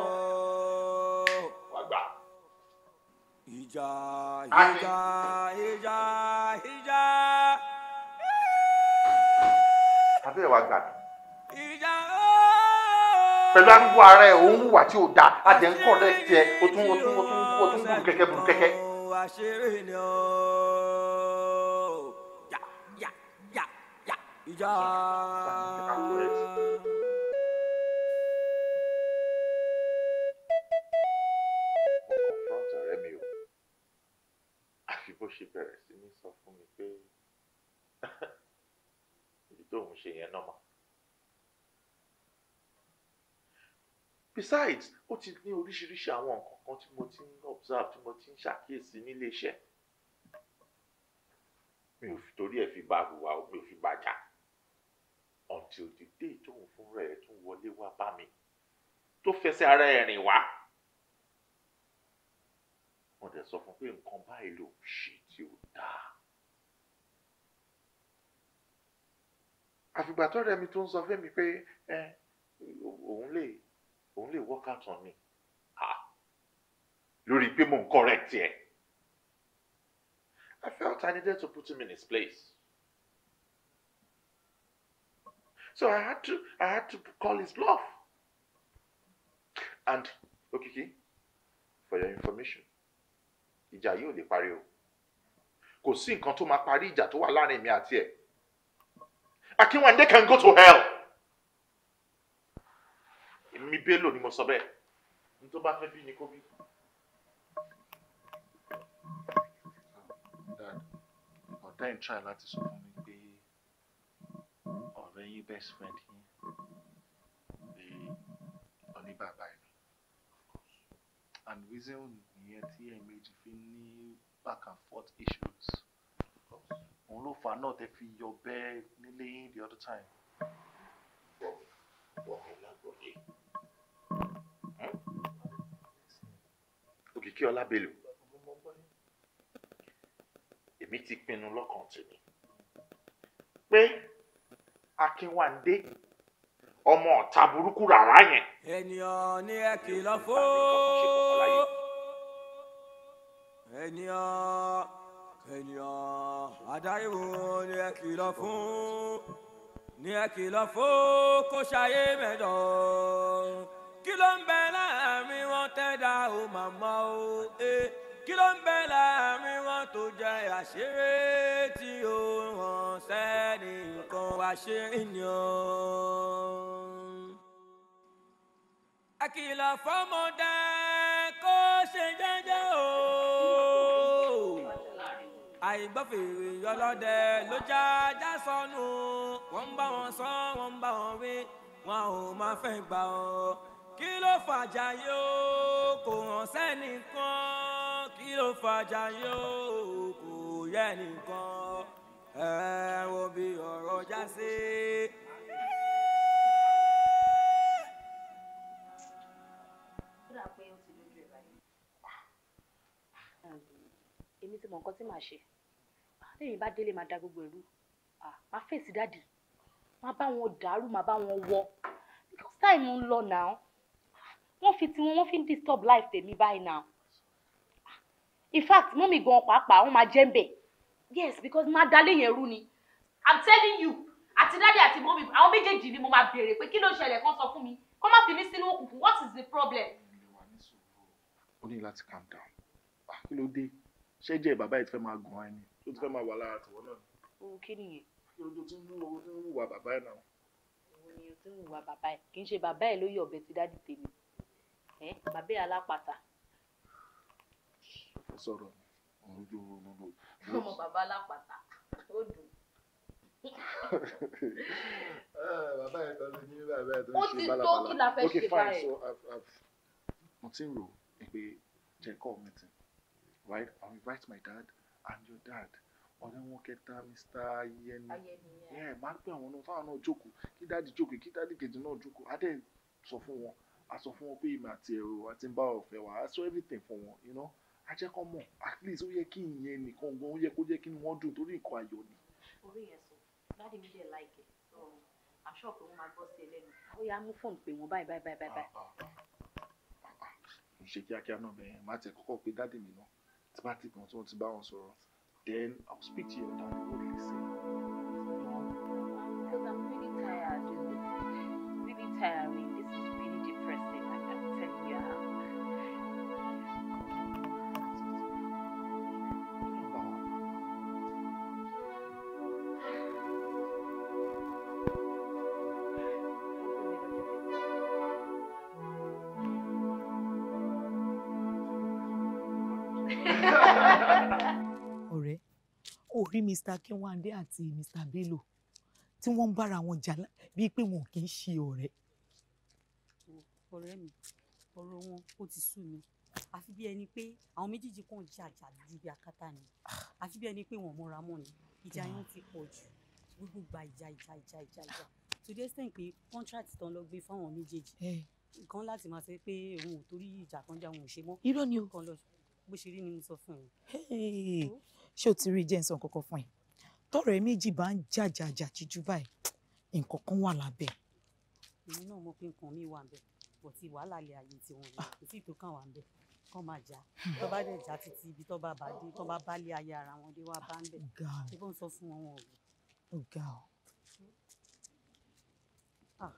ìjà ìjà ìjà. bẹ́ẹ̀ wá gbà mí. pẹ̀lú arúgbó ara ẹ̀ òun wùwà tí ò da adẹ̀ ń kọ̀ dẹ́ tiẹ̀ o tún o tún o tún burú kẹ́kẹ́ burú kẹ́kẹ́. bó ṣe bẹ̀rẹ̀ sí ní sọ fún mi pé Don't ṣe yẹn náà besides ó ti ní oríṣiríṣi àwọn nǹkan kan tí mo ti ń observe tí mo ti ń ṣàkíyèsí nílé iṣẹ́ mi ò fi torí ẹ̀ fi bá hùwà mi ò fi bá until the day tóun fúnra ẹ̀ tún wọlé wá bá mi tó fẹsẹ̀ ara ẹ̀ rìn wá wọ́n dẹ̀ sọ fún pé nǹkan báyìí ló ń ṣe àfìgbà tó rẹ mi tó ń sọ fún mi pé òun lè òun lè work out on me Ah, lórí pé mò ń correct ẹ I felt I needed to put him in his place. So I had to I had to call his bluff. And Okiki, for your information, ìjà yìí ò lè parí o. Kò sí nǹkan tó máa parí ìjà tó wà láàrin mi àti ẹ̀ one they can go to hell. Èmi Bello ni mo sọ bẹ́ẹ̀. Ní tó bá fẹ́ bí ni kó bí. Ah, ọ̀tá ẹ̀ ń try láti sọ fún mi pé ọ̀rẹ́ yín best friend yín ni oníbàbá ẹ̀ ni. And reason nìyẹn tí ẹ̀ méjì fi ní back and forth issues òun ló fà á náà tẹ fi yọ bẹ́ẹ̀ nílé yín the other time. bọ bọ ọlágbọdé hmm? òkìkí ọlábẹlú èmi ti pinnu lọ́kàn tèmi pé akínwándé ọmọ ọ̀tá burúkú rárá yẹn. ènìyàn ni ẹ kìlọ̀ fún. ènìyàn ènìyàn àdáyéwò ni ẹ kìlọ̀ fún ni ẹ kìlọ̀ fún kó ṣayé mẹ́dọ̀ kí ló ń bẹ láàrin wọn tẹ́dá o màmá o ẹ kí ló ń bẹ láàrin wọn tó jẹ àṣírí tí o hàn sẹ́ni nǹkan àṣírí ni o. ẹ kìlọ̀ fọmọdé kó ṣe jẹ́jẹ́ o àìgbọ́fèrè ọlọ́dẹ ló já já sọnù wọ́n ń bá wọn sọ wọ́n ń bá wọn wí wọn ò máa fẹ́ gbà ọ́ kí ló fàjà yóò kò hàn sẹ́nìkan kí ló fàjà yóò kò yẹ nìkan ẹ wo bí ọ̀rọ̀ já sí. èmi ti mọ nǹkan tí màá ṣe lẹ́yìn bá délé máa da gbogbo ẹ̀rú máa fèsì dáàdì máa bá wọn dàrú máa bá wọn wọ because time ń lọ now wọ́n fi tiwọn wọ́n fi ń disturb life tèmi báyìí now in fact mọ́mì gan pàápàá wọ́n máa jẹ́ ń bẹ̀ yes because máa dalé yẹn rú ni i'm telling you àti dáàdì àti mọ́mì àwọn méjèèjì ni mo máa béèrè pé kí ló ṣẹlẹ̀ kan sọ fún mi kó má fi mí sínú òkùnkùn what is the problem. ó ní láti calm down kí ló dé ṣé jẹ́ bàbá ìfẹ́ máa gùn ọ́ ẹni tó ti fẹ́ máa wà lára tìwọ́ náà. owó kí nìyẹn. kí ló ti ń wùwà bàbá ẹ̀ náà. òun ni o ti ń wùwà bàbá ẹ̀ kì í ṣe bàbá ẹ̀ ló yọ ọ̀bẹ ti dádì tèmi bàbá ẹ̀ alápàtà. ó sọ̀rọ̀ òun jó lulu. ọmọ bàbá alápàtà ó dùn. [laughs] Eh, bàbá ẹ̀ kan ló ní bàbá ẹ̀ tó ń ṣe bálabàla ó ti tó kí la fẹ́ ṣe báyìí. mo ti ń rò pé jẹ́ kọ́ mi ti right i invite my dad and your dad ọ̀rẹ́ wọn kẹta mr yẹni ẹ máa pẹ́ àwọn náà táwọn náà jókòó kí dáàdi jókòó kí dáàdi kejì náà jókòó á dẹ̀ sọ fún wọn á sọ fún wọn pé èmi àti ẹ̀rọ àti ń bá ọ̀fẹ́ wa á sọ everything fún wọn you know á jẹ́ kó mọ̀ at least ó yẹ kí ìyẹn nìkan gan ó yẹ kó jẹ́ kí wọ́n dùn torí nǹkan ayọ̀ ni. orí yẹn sọ dáàdi mi dẹ̀ láìkẹ́ àṣọ pé wọ́n máa gbọ́ sí ẹlẹ́nu ó yá mú fóònù pé wọ́n báyìí báyìí báyìí báyìí. ṣe kíákíá náà bẹ́ẹ̀ má tẹ kọ́kọ́ pé dáàdi mi náà tí bá ti kàn tí wọ́n ti bá wọn sọ̀rọ̀ then I will speak to your dad go listen. because I'm really tired really tiring this is rí Mr. Kinwande àti Mr. Bello tí wọ́n ń bára wọn jà bíi pé wọn kì í ṣe ọ̀rẹ́. ọ̀rẹ́ mi ọ̀rọ̀ wọn ó ti sú mi àfi bí ẹni pé àwọn méjèèjì kan jà jà ju bí akátá ni àfi bí ẹni pé wọ́n mọ́ra mọ́ ni ìjà yẹn ti pọ̀ jù gbogbo gba ìjà ìjà ìjà ìjà ìjà to the pé contract tán lọ gbé fáwọn méjèèjì nǹkan láti máa ṣe pé òun ò torí ìjà kan jà òun ò ṣe mọ́ irọ́ ni o bó ṣe rí ni mo sọ fún ẹ ṣé o ti rí jẹ́ nsọ kankan fún ẹ tọrọ ẹ méjì bá ń jàjàjà jíjú báyìí nǹkan kan wà lábẹ́. èmi náà mo pé nǹkan mi wà bẹ́ẹ̀ bọ̀ tí wàhálà lè ààyè tiwọn ni kò sí ìtò kan wà bẹ́ẹ̀ kọ́ máa jà tó bá dẹ̀ jà títí ibi tó bá bàdé tó bá bá lé ayé ara wọn dé wá bá ń bẹ̀ tí wọ́n sọ fún wọn wọn ò gbé. Ah,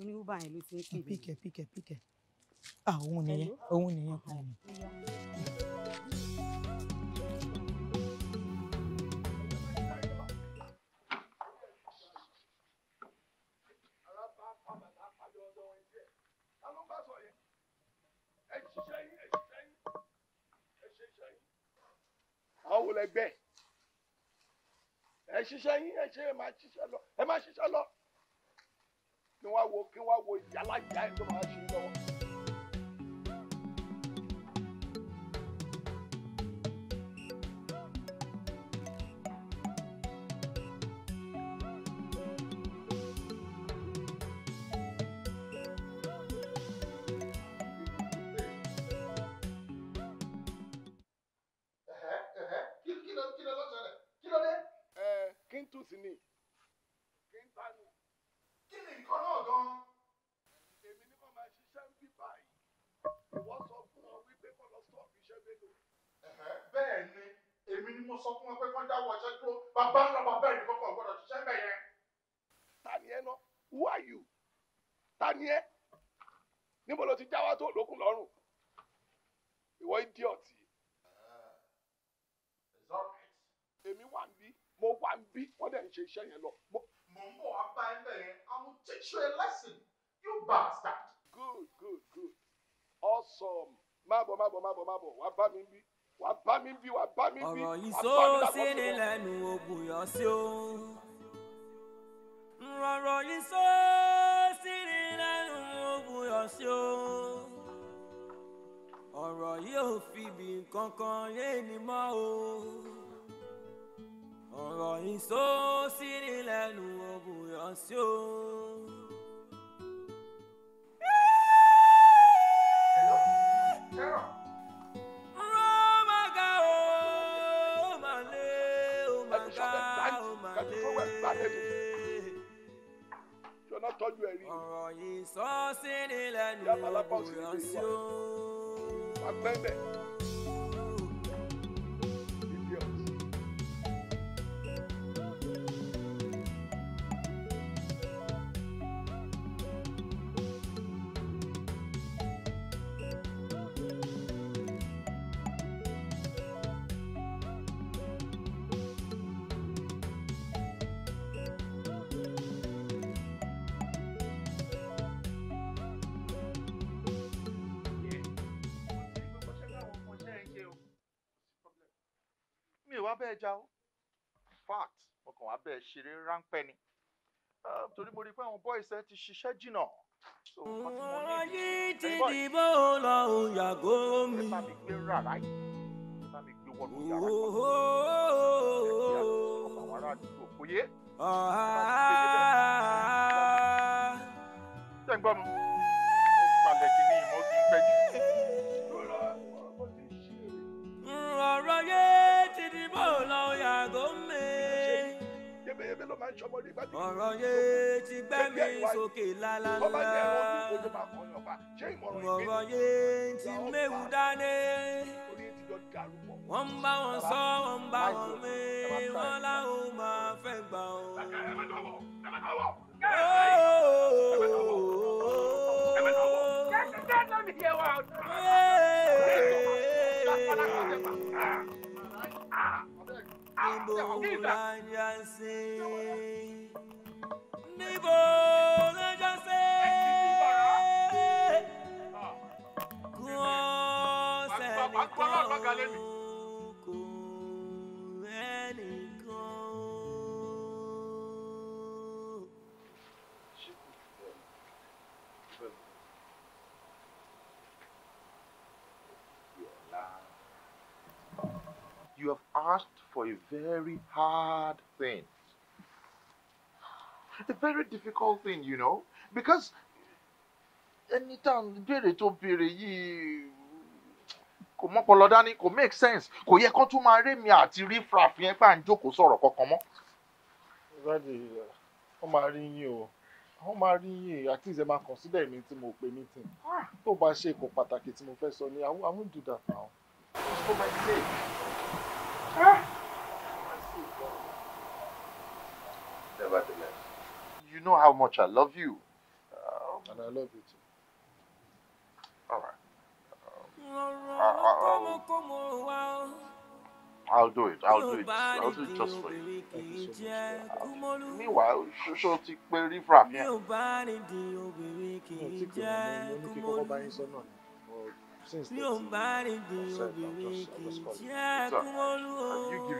oníwúbà yẹn ló ti ń pè mí. píkẹ píkẹ píkẹ àwọn nìyẹn òun nìyẹn kò ní. àwọn wò lẹgbẹ́ ẹ ṣiṣẹ́ yín ẹ ṣe ẹ máa ṣiṣẹ́ lọ ẹ máa ṣiṣẹ́ lọ kí wọ́n wo kí wọ́n wo ìyálà ìyá ẹ tó máa ṣe lọ́wọ́. mo sọ fún wọn pé kán jáwọ́ dúró bàbá ńlá bàbá ẹni kọ́kọ́ gbọ́dọ̀ ṣiṣẹ́ bẹ̀ yẹn. ta ni ẹ ná who are you ta ni ẹ níbo ló ti jáwá tó lókun lọ́rùn ìwọ idiot. èmi wà ń bí mo wà ń bí wọ́n dẹ̀ ń ṣe iṣẹ́ yẹn lọ. mo ń bọ̀ wá bá ẹ bẹ̀rẹ̀ I will teach you a lesson you bastard. good good good awesome má bọ̀ má bọ̀ má bọ̀ má bọ̀ wá bá mi bí wàá bá mi bí wàá bá mi bí. ọ̀rọ̀ yìí só sí ni lẹ́nu ogun yọ sí o. ọ̀rọ̀ yìí só sí ni lẹ́nu ogun yọ sí o. ọ̀rọ̀ yìí ò fi bí kankan yé ni mọ́ o. ọ̀rọ̀ yìí só sí ni lẹ́nu ogun yọ sí o. Hello. Hello. balẹ̀ dùn. ṣọ́nà tọ́jú ẹ̀rí. ọ̀rọ̀ yìí sọ́ọ́ sí ni lẹ́nu ògùn ránṣẹ́ o. wà á gbẹ́ bẹ́ẹ̀. mi ò wá bẹ́ẹ̀ já o fact mo kàn wá bẹ́ẹ̀ ṣeré ráńpẹ́ ni ah, torí mo rí i pé àwọn boys ẹ ti ṣiṣẹ́ jìnnà. ọ̀rọ̀ yìí ti dìbò lọ òyàgò mi. ẹ bá mi gbé rárá yìí ẹ bá mi gbé wọnú yàrá kan ẹ kí àwọn ará àdúgbò kò yé. ṣé ń gbọ́ mi? ó palẹ̀ kí ni ìmọ̀ ti ń pẹ́ jù. ọ̀rọ̀ yìí. ẹgbẹ́ ló máa ń ṣọmọ rí gbàgbé. ọ̀rọ̀ yé ti gbẹ́ mi sókè lálálá. ọ̀rọ̀ yé ti méwu dání. wọ́n ń bá wọn sọ wọ́n ń bá wọn mí wọ́n láwọn máa fẹ́ gbà ó. Yeah níbo la já sí la já sí kú ọ̀sẹ̀ nìkan kò You have asked for a very hard thing. A very difficult thing, you know, because anytime tá à ń béèrè tó béèrè yìí kò mọ́pọlọ make sense kò yẹ kó tún máa rémi àti rí fràfin ẹ pà ń jókòó sọ̀rọ̀ kankan mọ́. ìwádìí wọ́n máa rí yín o wọ́n máa rí yín at least ẹ máa consider mi tí mo pè meeting ah! tó bá ṣe kò pàtàkì tí mo fẹ́ sọ ni I won't do that now. for my sake. Ah. nevertheless. You know how much I love you. Um, and I love you too. All right. Um, I, will do it. I'll do it. I'll do it just for you. Thank you so much. Uh, meanwhile, ṣoṣo ti pé rí Frank yẹn. Since 13, I said, I'm just, just calling. you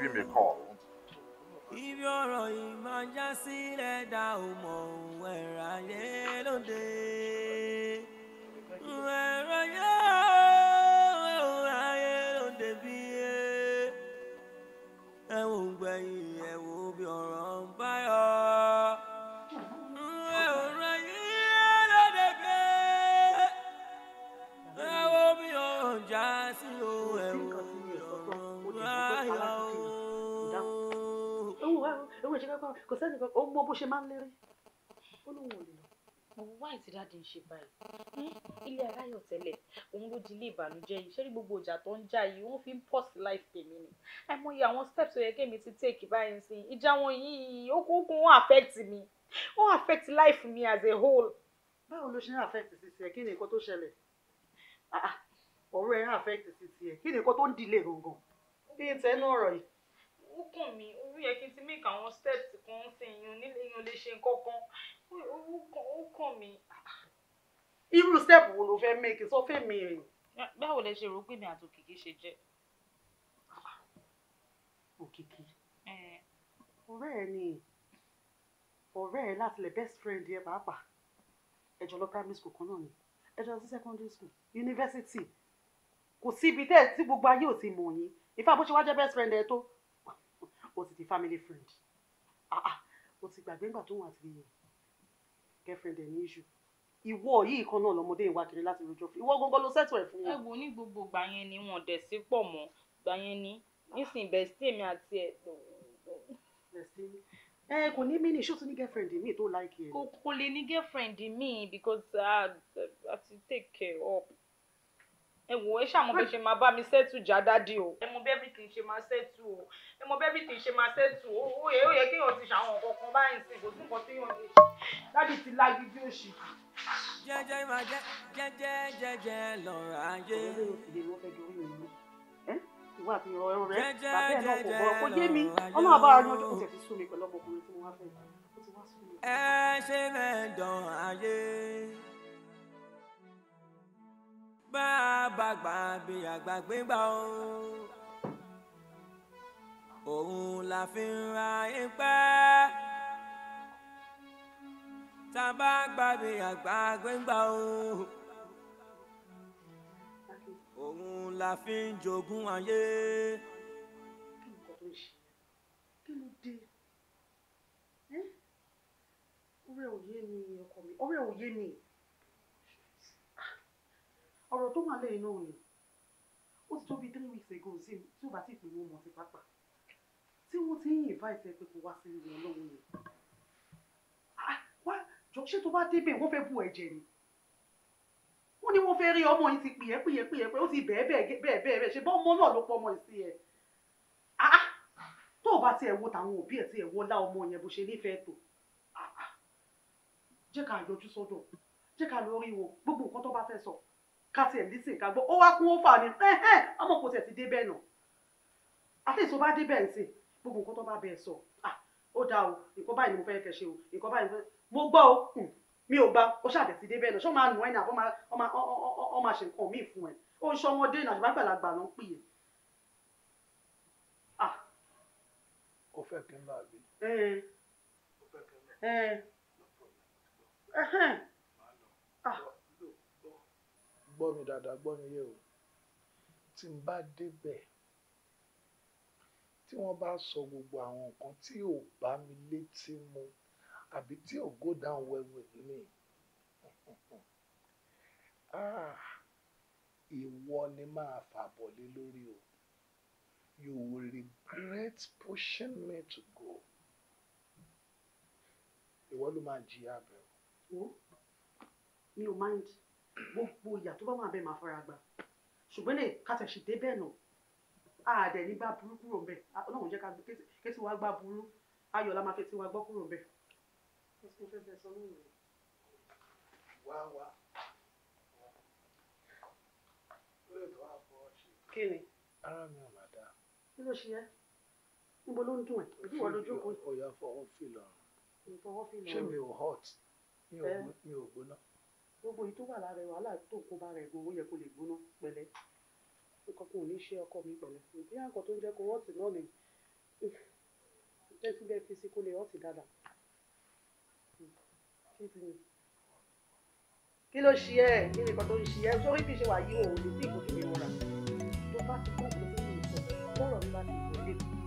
give him a call ibi ọ̀rọ̀ yìí máa já sílẹ̀ dá o mọ̀ ẹ̀rọ ayé lóde ẹ̀rọ ayé ayé lóde bí ẹ̀ ń gbẹ̀yìn. kò sẹ́ni kan ó mọ bó ṣe máa ń lérí ó lóun ò lè lọ. ọ̀wọ́ wáì tí dáàdi ń ṣe báyìí hmm, ilé aráyọ̀ tẹ́lẹ̀ òun ló di ilé ìbànújẹ́ yìí ṣé rí gbogbo ìjà tó ń jà yìí wọ́n fi ń pọ̀ sí life tèmi ni àìmọye àwọn steps tó yẹ kémi ti take báyìí sí ìjà wọn yìí okùnkùn wọn affect mi wọn affect life mi as a whole. báwo ló ṣe ń affect sí tiẹ̀ kí ni nǹkan tó ṣẹlẹ̀ ah, ah, ọ̀rọ̀ ẹ̀ ń affect sí tiẹ̀ kí ni nǹkan tó ń dilé gangan bí n tẹnu ọ̀rọ̀ yìí ó kàn mí ó yẹ kí n ti make àwọn steps kan sí iyun nílé iyun lè ṣe nǹkan kan ó kàn mí. irú step wo ló fẹ́ make sọ fẹ́ mi rìn. báwo lẹ ṣe rò pé mi àti òkìkí ṣe jẹ. òkìkí ọ̀rẹ́ ẹ ni ọ̀rẹ́ ẹ láti lè best friend yẹ pàápàá ẹ jọ lọ primary school kan náà ni ẹ jọ sí secondary school university kò síbi tẹ́ ẹ tí gbogbo ayé ò ti mọ̀ yín ìfẹ́ àbúṣe wájẹ́ best friend ẹ tó ó ti di family friend Ah, ó ah, ti gbàgbé ńgbà tóun àti girlfriend ẹ̀ ní issue ìwọ yìí kan náà lọmọdé ìwà kiri láti rojọ́ fún ìwọ gbọngàn ló sẹtọ ẹ fún wọn. ẹ wo ní gbogbo gbà yẹn ni wọn dẹ̀ sí pọ̀ mọ́ gbà yẹn ni nísìnyí bẹ̀sítì èmi àti ẹ̀. bẹ̀sítì ẹ kò ní mí ní ṣó tún ní girlfriend mi tó láìkì ẹ. kò kò lè ní girlfriend mi because ah, i have to take care of ẹ wò ẹ ṣàmọ bẹ ṣe máa bá mi ṣètù já dádì o ẹ mọ bẹbí kì í ṣe máa ṣètù o ẹ mọ bẹbí kì í ṣe máa ṣètù o ó yẹ ó yẹ kéèyàn ti ṣàwọn nǹkan kan báyìí sí kò sí nǹkan lè ṣe dádì ti lági bí òṣì. jẹjẹ máa jẹ jẹjẹ jẹjẹ lọ́rọ̀ ayé. ìwà àti ọ̀rọ̀ rẹ ọmọ àbá ọdún ọdún kò tẹ̀ fi sún pẹ̀lú ọmọkùnrin tí mo wá fẹ́ ẹ ṣe mẹ́ẹ̀dán ayé bá a bá gbà bí àgbà gbégbá o òun la fi ń ra ipẹ́ tá a bá gbà bí àgbà gbégbá o òun la fi ń jogún ayé. kí òye ni ọkọ mi ọ̀rẹ́ òye ni ọ̀rọ̀ tó wà lẹ́yìn náà ni ó ti tó bíi three weeks ago sí tí ó bá ti pè wọ́n mọ̀ sí pápá tí wọ́n ti ń invite ẹ pé kó wá sí ilé ọlọ́run yẹn ah, wá jọ ṣé tó bá débẹ̀ wọ́n fẹ́ bu ẹ̀jẹ̀ ni wọ́n ní wọ́n fẹ́ rí ọmọ yìí ti pìyẹ́ pìyẹ́ pìyẹ́ pé ó ti bẹ́ẹ̀ bẹ́ẹ̀ bẹ́ẹ̀ bẹ́ẹ̀ ṣe bọ́ ọmọ náà ló pọ̀ ọmọ yìí sí ẹ̀ ah, ah, tó o bá tiẹ̀ wo tàwọn òbí ẹ̀ tí ẹ̀ wọ́lá ọmọ yẹn bó ṣe nífẹ̀ẹ́ tó jẹ́ ká yọjú sọ́dọ̀ jẹ́ ká lọ rí wọn gbogbo nǹkan tó bá fẹ́ sọ ká tiẹ̀ lísìn ká gbọ́ ó wá kún ó fà ní ọmọ kò tẹ̀ ti dé bẹ́ẹ̀ nà àti èso bá dé bẹ́ẹ̀ nsìn gbogbo nǹkan tó bá bẹ́ẹ̀ sọ ah, ó dáa o nǹkan báyìí ni mo fẹ́ kẹ́ ṣe o nǹkan báyìí mo gbọ́ o hmm, mi ò gbà ó ṣàdẹ̀ ti dé bẹ́ẹ̀ nà ṣé ó máa nù ẹ́ ní àbọ̀ ó máa ṣe nǹkan míì fún ẹ ó ń ṣọmọdé náà ṣùgbọ́n àgbàlagbà ló ń pè é gbọ́ mi dáadáa gbọ́ mi yé o tí n bá débẹ̀ tí wọ́n bá sọ gbogbo àwọn nǹkan tí ò bá mi létí mu àbí tí ò go down well with me [laughs] ah ìwọ ni máa fàbọ̀ lé lórí o you will regret pushing me to go ìwọ ló máa jìyà bẹ̀rù. mi ò máa ń jìyà gbogbo ìyà tó bá wà bẹ́ẹ̀ máa fara gbà ṣùgbọ́n lè kàtẹ̀ sì dé bẹ́ẹ̀ náà àdẹ̀ nígbà burú kúrò ń bẹ̀ ọlọ́run jẹ́ ká kétí wá gbá burú ayọ̀ la máa fi tiwa gbọ́ kúrò ń bẹ̀. kí ni. ara mi ò máa dá. kí ló ṣe é níbo ló ń dùn ẹ ojú wọn lójú kò. ó yá fọwọ́ fi ṣé mi ò hot mi ò gbóná gbogbo èyí tó wà lára wàhálà tó kó bá rẹ̀ gan ó yẹ kó lè gbóná pẹ̀lẹ́ nǹkan kan ò ní ṣe ọkọ mi pẹ̀lẹ́ bí àǹkan tó ń jẹ́ kó rọ́ọ̀tì náà ni tẹ́sí bẹ́ẹ̀ fi sí kó lè rọ́ọ̀tì dáadáa kí ló ṣe ẹ kí nìkan tó ń ṣe ẹ sórí bí ṣe wà yí òun lè tí ìbòjú mi wọra tó bá ti kó òun lórí ìsọ lọ́rọ̀ mi bá ti wọlé mi.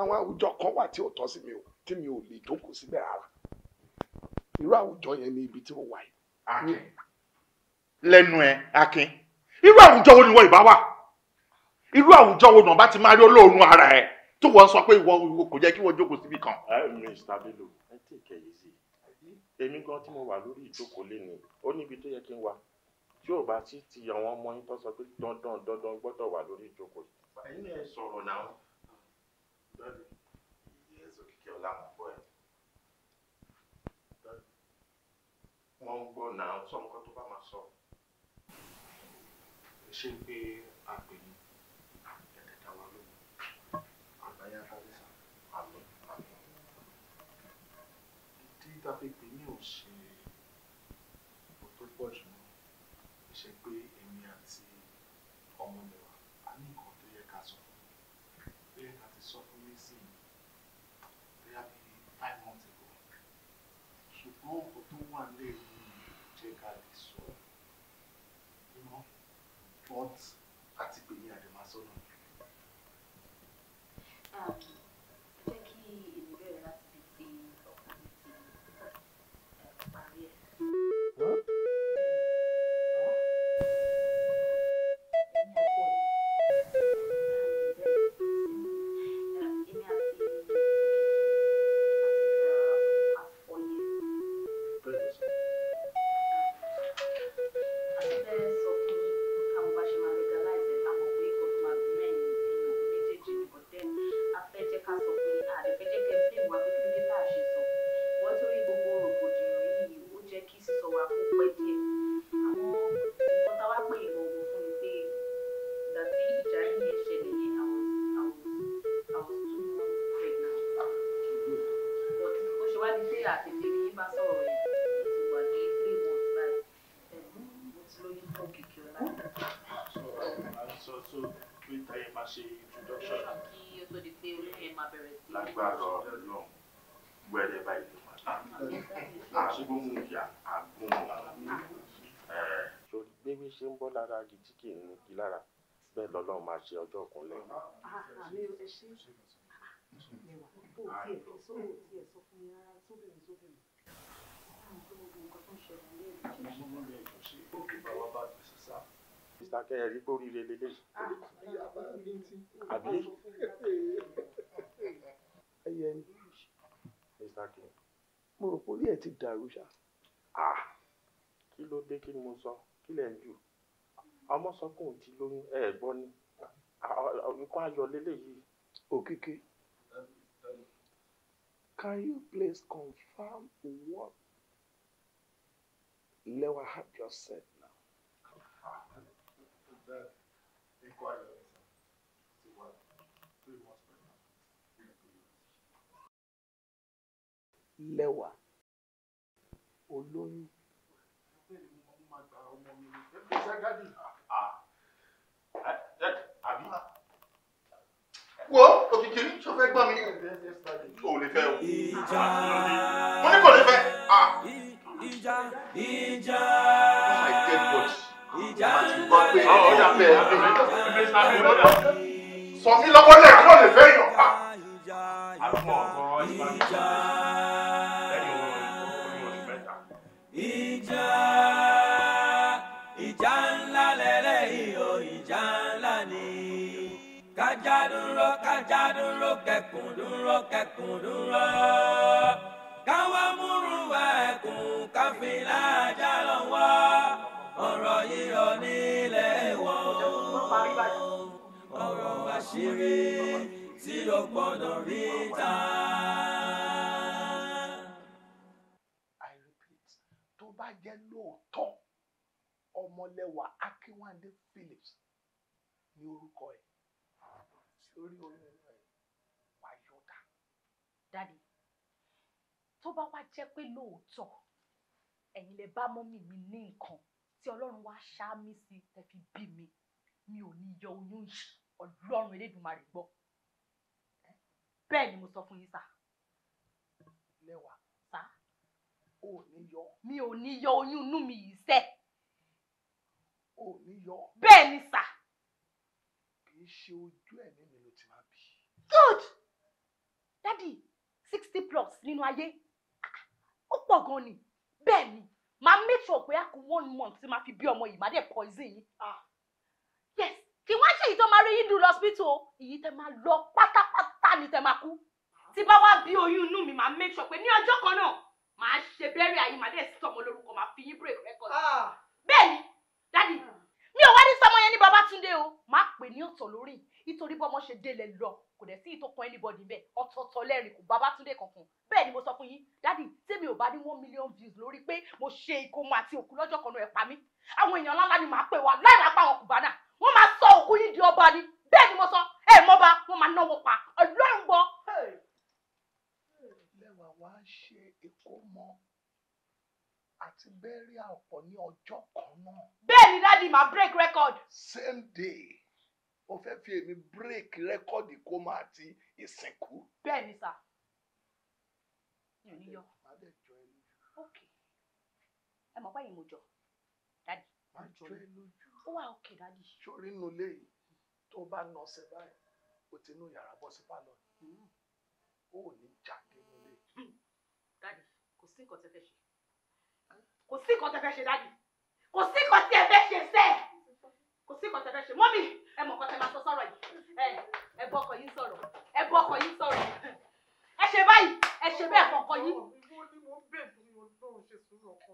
àwọn àwùjọ kan wà tí ò tọ́ sí mi o tí mi ò lè jókòó síbẹ̀ rárá irú àwùjọ yẹn ni ibi tí ó wà yìí. lẹ́nu ẹ̀ akin irú àwùjọ wo ni wọ́n ìbá wà irú àwùjọ wo nàbá ti máa rí olóòórùn ara ẹ̀ tó wọ́n sọ pé ìwọ kò jẹ́ kí wọ́n jókòó síbi kan. Mr. Bello ẹ tí ì kẹyìí sí èmi gan tí mo wà lórí ìjókòó lẹ́nu ó níbi tó yẹ kí n wà tí bá sí ti àwọn ọmọ yín tó sọ pé dandan dandan gbọ́dọ̀ wà lórí ìjókòó. ẹ̀yin ẹ sọ̀rọ̀ náà wọ́n ń gbọ́ náà sọ nǹkan tó bá máa sọ. ṣé pé àgbèyí ẹ̀ẹ́dẹ̀dà wa ló mú àgbáyá dárísà àmì àmì. ìdí tàbí pé ní òṣèré kò tó pọ̀ jù àmọ́ nǹkan tó wà lè jẹ́ ká lè sọ ọ́ but àti pè ní ṣe ọjọ́ ìkúnlẹ̀. Ah, ah, ah, Mr. Kẹ́hẹ́rì gbóríire lélẹ́yìí. Àbí? Ẹyẹ ni. Mr. King. Mo rò pé orí ẹ̀ ti dàrú ṣá. Kí ló dé kí ni mo sọ? Kí lẹ̀ ń jù? Ọmọ sọ ti lóyún ẹ̀ gbọ́ ni nǹkan ayọ̀ lélẹ́yìí. Òkìkí. Can you please confirm what Lewa had just said now? Lewa olóyún. o ò lè fẹ́ o. mo ní kò lè fẹ́. Ah. ìjà ìjà ìjà ìjà ìjà oh, sọ mí lọ́wọ́ lẹ̀ kí ló lè fẹ́ yàn. dúró kẹkùn dúró kẹkùn dúró káwá múrun wá ẹkùn káfíńlá ajá lọ́wọ́ ọ̀rọ̀ yíyọ nílé wọ̀ ọ̀rọ̀ àṣírí tí o gbọ́dọ̀ rí ta. jẹ́ lóòótọ́ ọmọlẹ́wà Akínwándé Phillips ní orúkọ ẹ̀ sórí orin dáàdi tó bá wá jẹ́ pé lóòótọ́ ẹ̀yin lè bá mọ́mì mi ní nǹkan tí ọlọ́run wá ṣá mi sí tẹ́ fi bí mi mi ò ní yọ oyún yìí ọlọ́run elédùnmarè gbọ́ bẹ́ẹ̀ ni mo sọ fún yín sá. lẹ́wà sá ò ní yọ. mi ò ní yọ oyún inú mi yìí sẹ́. ò ní yọ. bẹ́ẹ̀ ni sá. kì í ṣe ojú ẹ̀ ní mi ló ti máa bì. good Daddy sixty plus nínú ayé ó pọ̀ gan ni bẹ́ẹ̀ ni màá make sure pé one month tí màá fi bí ọmọ yìí màá dẹ̀ poison yín ah. yes kí wọ́n ṣe èyí tó máa rí yín dùn lọ́sítò èyí tẹ máa lọ pátápátá ni tẹ máa kú tí bá wá bí oyún inú mi màá make sure pé ní ọjọ́ kan náà màá ṣe bẹ́rẹ̀ ayé màá dẹ̀ sọmọ lórúkọ màá fi yín break record ah. bẹ́ẹ̀ ni dádì mi ò wá ní sọmọ yẹn ní Babátúndé o má pè ní ọ̀tọ̀ lórí nítorí bọ́mọ ṣe délẹ̀ lọ kò dẹ̀ sí ìtòkan anybody bẹ́ẹ̀ ọ̀tọ̀ọ̀tọ̀ lẹ́rìn kò bá Babátúndé kankan bẹ́ẹ̀ ni mo sọ fún yín dádì tèmi ò bá ní one million views lórí pé mo ṣe ìkómọ àti òkú lọ́jọ́ kan náà ẹ̀ pa mí àwọn èèyàn ńláńlá ni màá pè wá láì máa pa àwọn kùbá náà wọ́n máa sọ òkú yín di ọba ni bẹ́ẹ̀ ni mo sọ ẹ̀ mọ́ba wọ́n máa náwó pa ọlọ́run gbọ́. lẹ́wà wá ṣe ìkómọ àti bẹ́ẹ̀rì àpọ̀ ní ọjọ́ kan náà. bẹ́ẹ̀ ni dádì máa break record. same day o fẹ́ fi èmi break rẹ́kọ́ọ̀dì kó máa ti ìsìnkú. bẹ́ẹ̀ ni sà mi ò ní yọ. má dẹ̀ jọ ẹ lójú. ok ẹ mọ̀ báyìí mo jọ dádì. má jọ ẹ lójú. ó wà ok dádì. sórí inú ilé yìí tó bá nà ọsẹ báyìí o ti inú yàrá bọ́ sí pálọ̀ o hmm. ò ní jáde nílé. Hmm. dádì kò sí nǹkan tẹ́ fẹ́ ṣe kò sí nǹkan tẹ́ fẹ́ ṣe dádì kò sí nǹkan tẹ́ fẹ́ ṣe sẹ́ẹ̀ kò sí kọtẹ fẹ́ ṣe mọ́mì ẹ mọ̀ kọtẹ máa sọ sọ̀rọ̀ yìí ẹ ẹ bọ ọkọ yìí sọ̀rọ̀ ẹ bọ ọkọ yìí sọ̀rọ̀ ẹ ṣe báyìí ẹ ṣe bẹ́ẹ̀ kọ̀ọ̀kan yìí.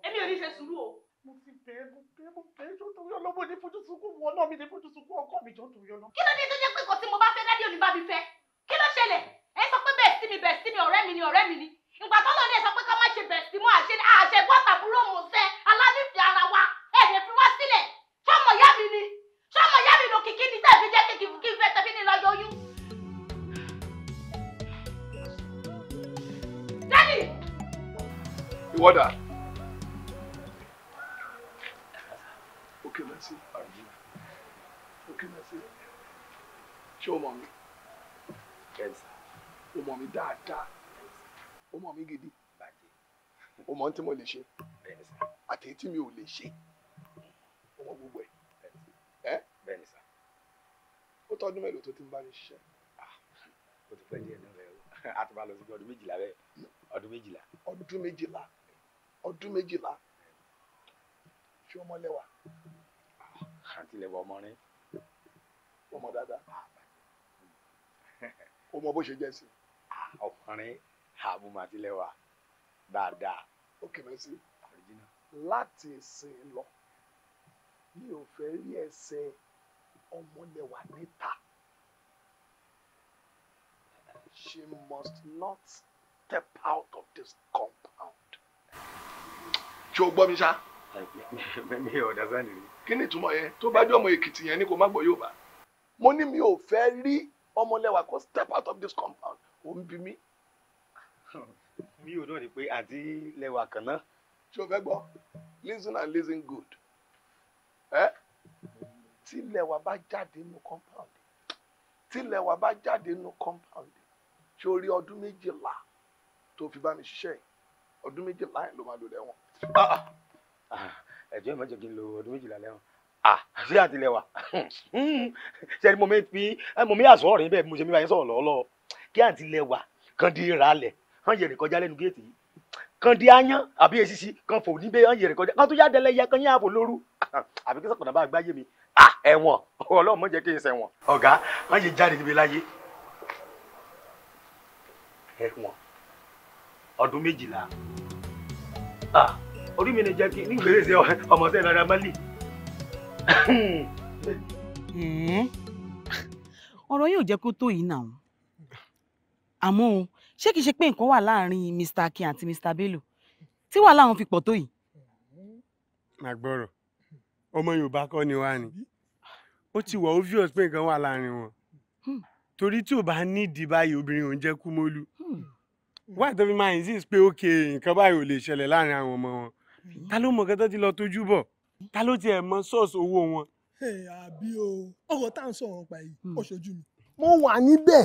èmi ò ní ṣe sùúrù o. mo ti bẹ́ẹ̀ mo bẹ́ẹ̀ mo bẹ́ẹ̀ jọ torí ọlọ́mọ ní fojú sunkún wọn náà mi ní fojú sunkún ọkọ mi jọ torí ọlọ́mọ. kí ló dé tó jẹ́ pé kò tí mo bá fẹ́ dádì òní bá mi fẹ́ kí ló ṣẹlẹ̀ ẹ sọ pé bẹ́ẹ̀ sí mi bẹ́ẹ̀ sí mi ọ̀rẹ́ mi ni ọ̀rẹ́ mi ni ìgbà tó lọ ní ẹ sọ pé ká má ṣe bẹ́ẹ̀ sí mọ́ àṣẹ àṣẹ gbọ́tàbúrò mọ̀ fẹ́ alánífẹ̀ẹ́ ara wa ẹ̀ẹ́dẹ̀ fi wá sílẹ̀ sọmọ ìyá mi ni sọmọ ìyá mi lò kìkì ni tẹ̀ fi jẹ́ kìkì kí n fẹ́ tẹ̀bí ni lọ́yọ̀ oyún. dádì. ìwọ́dà. òkè náà sí àrùn òkè náà sí ṣé o mọ̀ mi. o mọ̀ mi dáadáa o mọ̀ mi gidi o mọ̀ ohun tí mo lè ṣe àti tí mi ò lè ṣe o mọ̀ gbogbo ẹ̀ bẹ́ẹ̀ ni sà. ó tọdún mélòó tó ti ń bá ní ṣiṣẹ́. Ah, ó ti pẹ́ díẹ̀ náà rẹ̀ o [laughs] a ti máa lọ sí ọdún méjìlá bẹ́ẹ̀ ọdún méjìlá. ọdún méjìlá ọdún méjìlá ṣé ọmọ lẹ́wà. Ah, àǹtí lẹ́wà ọmọ rẹ. ọmọ dáadáa. Ah, ó mọ bó ṣe jẹ́ sí. ọkùnrin àbùmọ̀ àti lẹ́wà dáadáa. ó kìlọ̀ sí láti ìsìn lọ mi ò fẹ́ rí ẹsẹ̀ ọmọlẹ́wà níta. She must not step out of this compound. Ṣé o gbọ́ mi ṣá? Mi ò dá sáà nìyí. Kí ni ìtumọ̀ yẹn? Tó bá jẹ́ ọmọ Èkìtì yẹn ni kò má gbọ́ Yorùbá. Mo ní mi ò fẹ́ rí ọmọlẹ́wà kó step out of this compound. Ò ń bi mí. Mi ò náà rí pé àti lẹ́wà kan náà. Ṣé o fẹ́ gbọ́? Listen and listen good. Eh? tílẹ̀ wa bá jáde nínú compound tílẹ̀ wa bá jáde nínú compound ṣé o rí ọdún méjìlá tó fi bá mi ṣiṣẹ́ yìí ọdún méjìlá yẹn ló máa lò lẹ́wọ̀n. Ah, ah. ah, ẹ̀jọ́ ìmọ̀jẹ̀ kí n lo ọdún méjìlá lẹ́wọ̀n àti àtìlẹ́wà ṣe ni mo mi fi mo mi àsọ̀rọ̀ rẹ̀ bẹ́ẹ̀ mo ṣe mi bá yín sọ̀rọ̀ lọ́wọ́ kí àtìlẹ́wà kan di ìralẹ̀ kan yẹ̀rì kọjá lẹ́nu géètì yìí kan di ayan àbí esisi kan fò níbẹ̀ kan yẹ̀rì kọjá kan tó yá dẹlẹ́yẹ kan yá àfò lóru [laughs] àbí kí sọ̀kànnà bá gbáyé mi ẹ̀wọ̀n Ọlọ́run mọ̀ jẹ́ kí n ṣẹ̀wọ̀n. ọ̀gá má ṣe jáde níbi láyé ẹ̀wọ̀n ọdún méjìlá orí mi ni jẹ́ kí nígbèrè ṣe ọmọ sẹ́yìn rárá má lì. ọ̀rọ̀ yóò jẹ́ kó tó yìí náà àmọ́ o ṣé kìí ṣe pé nǹkan wà láàrin Mr. Akin àti Mr. Bello tí wàhálà wọn fi pọ̀ tó yìí. màgbọ́rọ̀ ọmọ Yorùbá kọ́ ni wá ni ó ti wà obvious pé nǹkan wà láàrin wọn hmm. torí tí ò bá nídìí báyìí obìnrin òun jẹ́ Kúmọ́lú hmm. wáyé tó fi máa insist pé ok nǹkan báyìí ò lè ṣẹlẹ̀ láàrin àwọn ọmọ wọn hmm. ta ló mọ̀ kẹ́tọ́ ti lọ tójú bọ̀ ta ló tiẹ̀ mọ sọ́ọ̀sì owó wọn. àbí o ọ̀rọ̀ tá à ń sọ̀rọ̀ pa yìí ó mi. mo wà níbẹ̀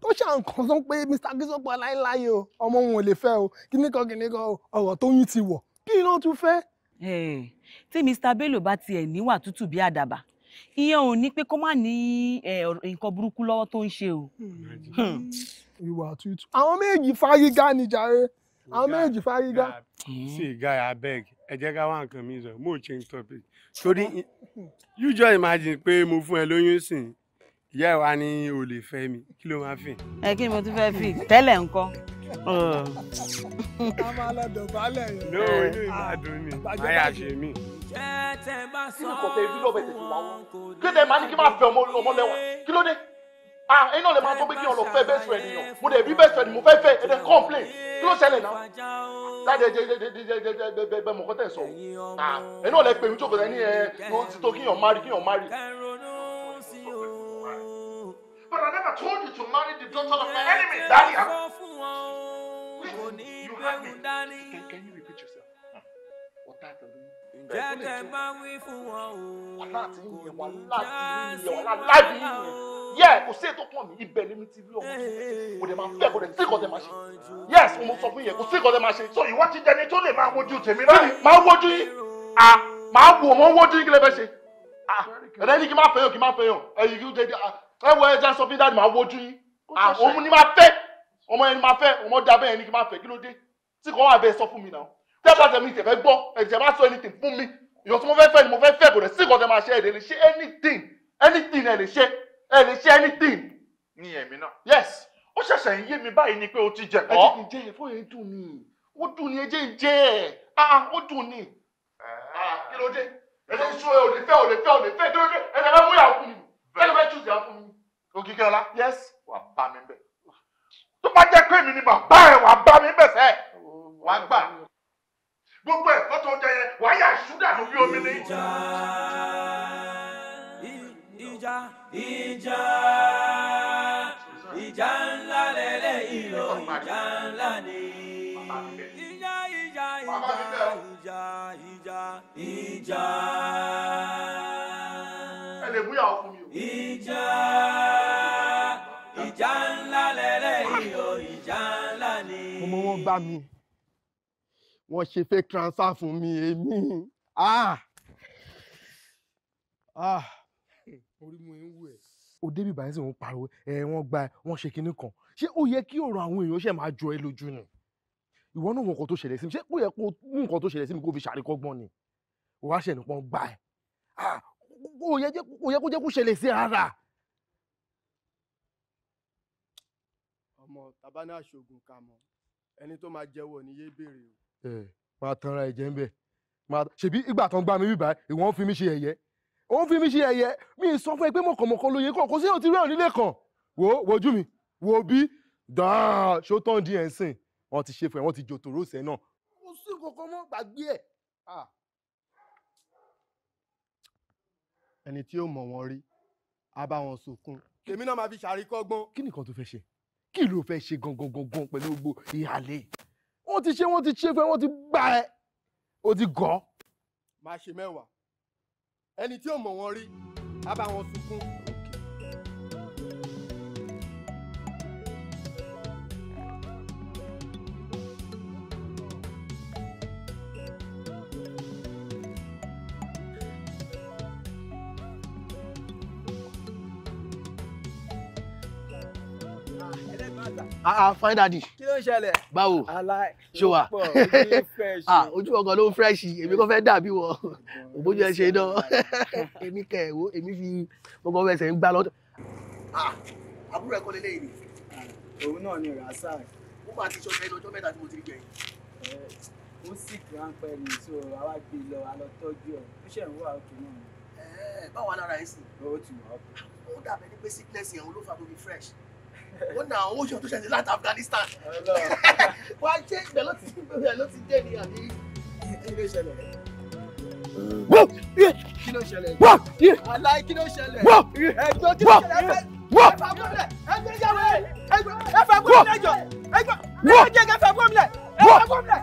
tó ṣàǹkan sọ pé Mr. Akinsopo aláìláyè o ọmọ wọn ò lè fẹ́ o kíníkan kíníkan ọ̀rọ̀ tó yín ti wọ̀ kí iná tún fẹ́. tí Mr. Bello bá tiẹ̀ níwà tútù bí àdàbà ìyẹn ò ní pé kó má ní nǹkan burúkú lọ́wọ́ tó ń ṣe o. Hmm. Hmm. ìwà tútù àwọn méjì fárígá ni jàre àwọn méjì fárígá. sí guy abeg ẹ jẹ́ ká wá nǹkan mi sọ mo change topic torí you just imagine pé mo fún ẹ lóyún sìn ìyá ẹ wá ní olè fẹ́ mi kí ló máa fì. ẹ kí ni mo tún fẹ́ fì tẹ́lẹ̀ nǹkan a máa lọ dọ̀bálẹ̀ yẹn. ní òun ah, inú ìbàdàn ni àyà ṣe mí. kí ni kọ̀tẹ́ ìdílé ọbẹ̀ tètè wá wọn kí lè máa ní kí máa fẹ́ ọmọ lẹ́wọ̀n kí ló dé ah ẹ̀yin náà lè máa sọ pé kí ọ̀nà fẹ́ best friend yàn mo dẹ̀ rí best friend mo fẹ́ fẹ́ ẹ̀ dẹ̀ complain kí ló ṣẹlẹ̀ náà láti ẹjẹ ẹjẹ ẹjẹ ẹjẹ ẹjẹ ẹjẹ mọ̀kọ́tẹ̀ sọ ah ẹ̀yin náà lè pè mí jókòó ẹ̀ ní ẹ̀ tó kíyàn má rí kíyàn má rí I never told you to marry the daughter of my enemy. Daddy, You have me. Can, can you repeat yourself? Ọ̀tá hmm. àtẹ̀lé. Ǹjẹ́ kẹ́ ẹ bá wí fún wọn o? Wàhálà àti yìnyín, wàhálà àti yes mo sọ fún yẹn kò sí kò dẹ̀ máa ṣe. so ìwọ ti dẹni tó lè máa wojú tèmi báyìí. máa wojú yín à máa wò wọ́n wojú yín kí lè fẹ́ ṣe. ẹ̀rẹ́ ni kí n máa fẹ́ yàn kí n máa fẹ́ ẹ wọ ẹja sọ fún dáàdì máa wojú yín òun ni máa fẹ́ ọmọ yẹn ni máa fẹ́ ọmọ dàbẹ́ yẹn ni kí máa fẹ́ kí ló dé tí kò wà bẹ́ẹ̀ sọ fún mi náà tẹ́lifà tẹ̀mí ìtẹ̀fẹ́ gbọ́ ẹ̀jẹ̀ má sọ anything fún mi ìyọ̀ tí mo fẹ́ fẹ́ ni mo fẹ́ fẹ́ kò dẹ̀ sí ìkọ̀tẹ̀ máa ṣe ẹ̀ lè ṣe anything anything ẹ̀ lè ṣe ẹ̀ lè ṣe anything. ní ẹ̀mí náà. yes ó ṣẹ̀ṣẹ̀ ń yé mi báyìí ni pé o ti jẹ̀kọ́. ẹ jẹ́ kí n jẹ́ yẹn fún yẹn dùn ni ó dùn ni ẹ jẹ́ n jẹ́ ẹ̀ ah, ah ó dùn ni. Ah. Ah, kí ló dé ẹ lè ṣó ẹ ò lè fẹ́ ò lè fẹ́ ò lè fẹ́ ẹ kẹ́lẹ́ fẹ́ choose ìyá mi. ògìkẹ́ ọlá. yes wà bá mi bẹ̀. tó bá jẹ́ pé mi ni bàbá ẹ̀ wà bá mi bẹ̀ sẹ́ẹ̀ wà gbà. gbogbo ẹ̀ fọ́tò ọjà yẹn wà á yà ṣúgà ló bí omi ní. ìjà ìjà ìjà ìjà ńlá lẹ́lẹ́ ìlò ìjà ńlá ni. ìjà ìjà ìjà ìjà ìjà ìjà. wọ́n gbá mi wọ́n ṣe fake transfer fún mi èmi ah ah. orí mo ń wù ẹ́. òde bíbá yẹn sì ń pariwo ẹ wọ́n gba ẹ wọ́n ṣe kinní kan ṣé ó yẹ kí ọ̀rọ̀ àwọn èèyàn ṣe máa jọ ẹ lójú ni ìwọ náà wọn nǹkan tó ṣẹlẹ̀ sí mi ṣé ó yẹ kó mú nǹkan tó ṣẹlẹ̀ sí mi kó fi ṣàríkọ́gbọ́n ni wàá ṣẹ̀ nìkan gbà ẹ ah! ó yẹ kó jẹ́ kó ṣẹlẹ̀ sí rárá. ọmọ tabana ṣoògùn kà mọ́ ẹni tó máa jẹ́wọ́ ni yé béèrè o. ẹ máa tanra ẹ̀jẹ̀ ń bẹ̀ máa ṣèbí ìgbà tán gbá mi bíbá ìwọ̀n fi mí ṣe ẹ̀yẹ òun fi mí ṣe ẹ̀yẹ mi ì sọ fún ẹ pé mọ̀kànmọ̀kàn lóye kàn kó sí òtí rẹ̀ nílé kan wo wojú mi wo bí dáa ṣó tán di ẹ̀ ń sìn wọ́n ti ṣe fún ẹ wọ́n ti jò tòró sẹ́ náà. kò sí kankan mọ́ gbàgbé ẹ̀. ẹni tí ó mọ̀ wọ́n rí a bá wọn sọkún. èmi náà máa fi ṣàríkọ́gbọ́n. kí nìkan tó fẹ́ ṣe? kí ló fẹ́ ṣe gangan gangan pẹ̀lú gbogbo ìhàlẹ̀ wọ́n ti ṣe wọ́n ti ṣe fẹ́ wọ́n ti gbà ẹ́ ó ti gọ́. máa ṣe mẹ́wàá ẹni tí ò mọ̀ wọn rí á bá wọn sunkún. Ah, ah fine daddy. kí ló ń ṣẹlẹ̀. báwo ṣé wa ah ojú ọkàn ló ń fresh èmi kò fẹ́ dàbí wọ òbójú ẹ ṣe dán [laughs] èmi kẹ̀ ẹ̀wò èmi fi gbogbo ọmọ ẹsẹ̀ ń gbá lọ́dọ̀. Ah, àbúrò ẹ̀kọ́ lélẹ́yìn ni. Ah, òun náà ni rasaq. ó máa ti ṣọṣẹ́ ẹni ọjọ́ mẹ́ta tí mo ti rí gbẹ̀yìn. Eh, ó sì kí ránpẹ́ ni so àwa gbé lọ alọ́ tọ́jú ẹ̀ ó ṣẹ̀ ń wá òkè náà. Eh, báwo alára ẹ̀ sìn. ó ti wà ó. ó dàbẹ̀ ní pé sickness yẹn ló fà fresh. [laughs] wọn náà owó ṣe ọdún ṣẹlẹ̀ láti Afghanistan [laughs] wàá ṣe ìgbẹ́ ló ti bẹ̀rẹ̀ ló ti dé ní àbí kí ló ṣẹlẹ̀. kí ló ṣẹlẹ̀ aláì kí ló ṣẹlẹ̀ ẹjọ́ kí ló ṣẹlẹ̀ ẹfà gómìnà ẹjọ́ ìyàwó ẹfà gómìnà ẹjọ́ ẹjọ́ ẹjọ́ ẹfà gómìnà ẹfà gómìnà.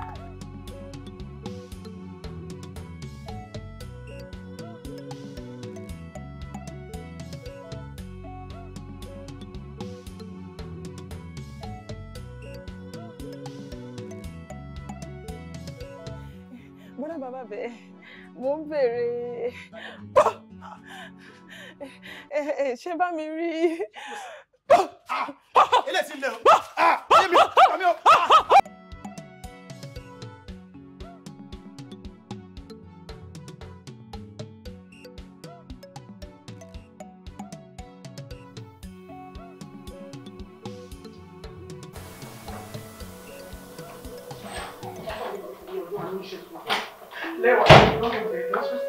mo ń bèrè ṣé bá mi rí. Thank ah, you. Leva, vamos ver, deixa eu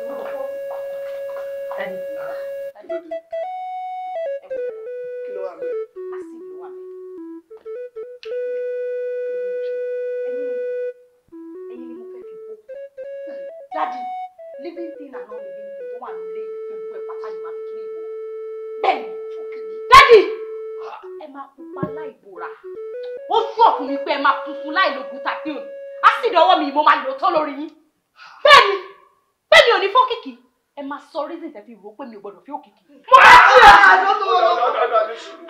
ẹ fi wò ó pé mi ò gbọdọ̀ fi òkìkí. mo á ṣe àná tó lọ. ọ̀dọ̀ ní sùúrù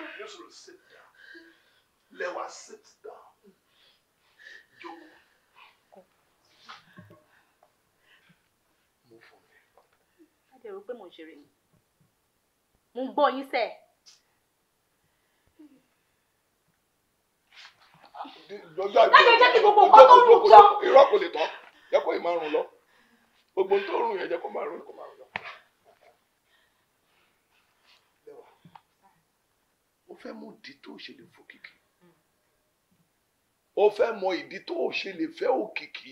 ní sit down lẹ́wà sit down jókòó. mo fọ mi. a jẹ́ rò pé mo ń ṣeré ni mo ń gbọ́ yín sẹ́ẹ̀. lọ́jọ́ àjẹ́ láti jẹ́ kí gbogbo nǹkan tó ń rùn jọ. irọ́ kò lè tán jẹ́ kó ì lọ gbogbo tó rùn yẹn jẹ́ kó máa rùn kó máa rùn. fẹ́ mọ ìdí tó ṣe lè fòkìkí ó hmm. fẹ́ mọ ìdí tó ṣe lè fẹ́ òkìkí.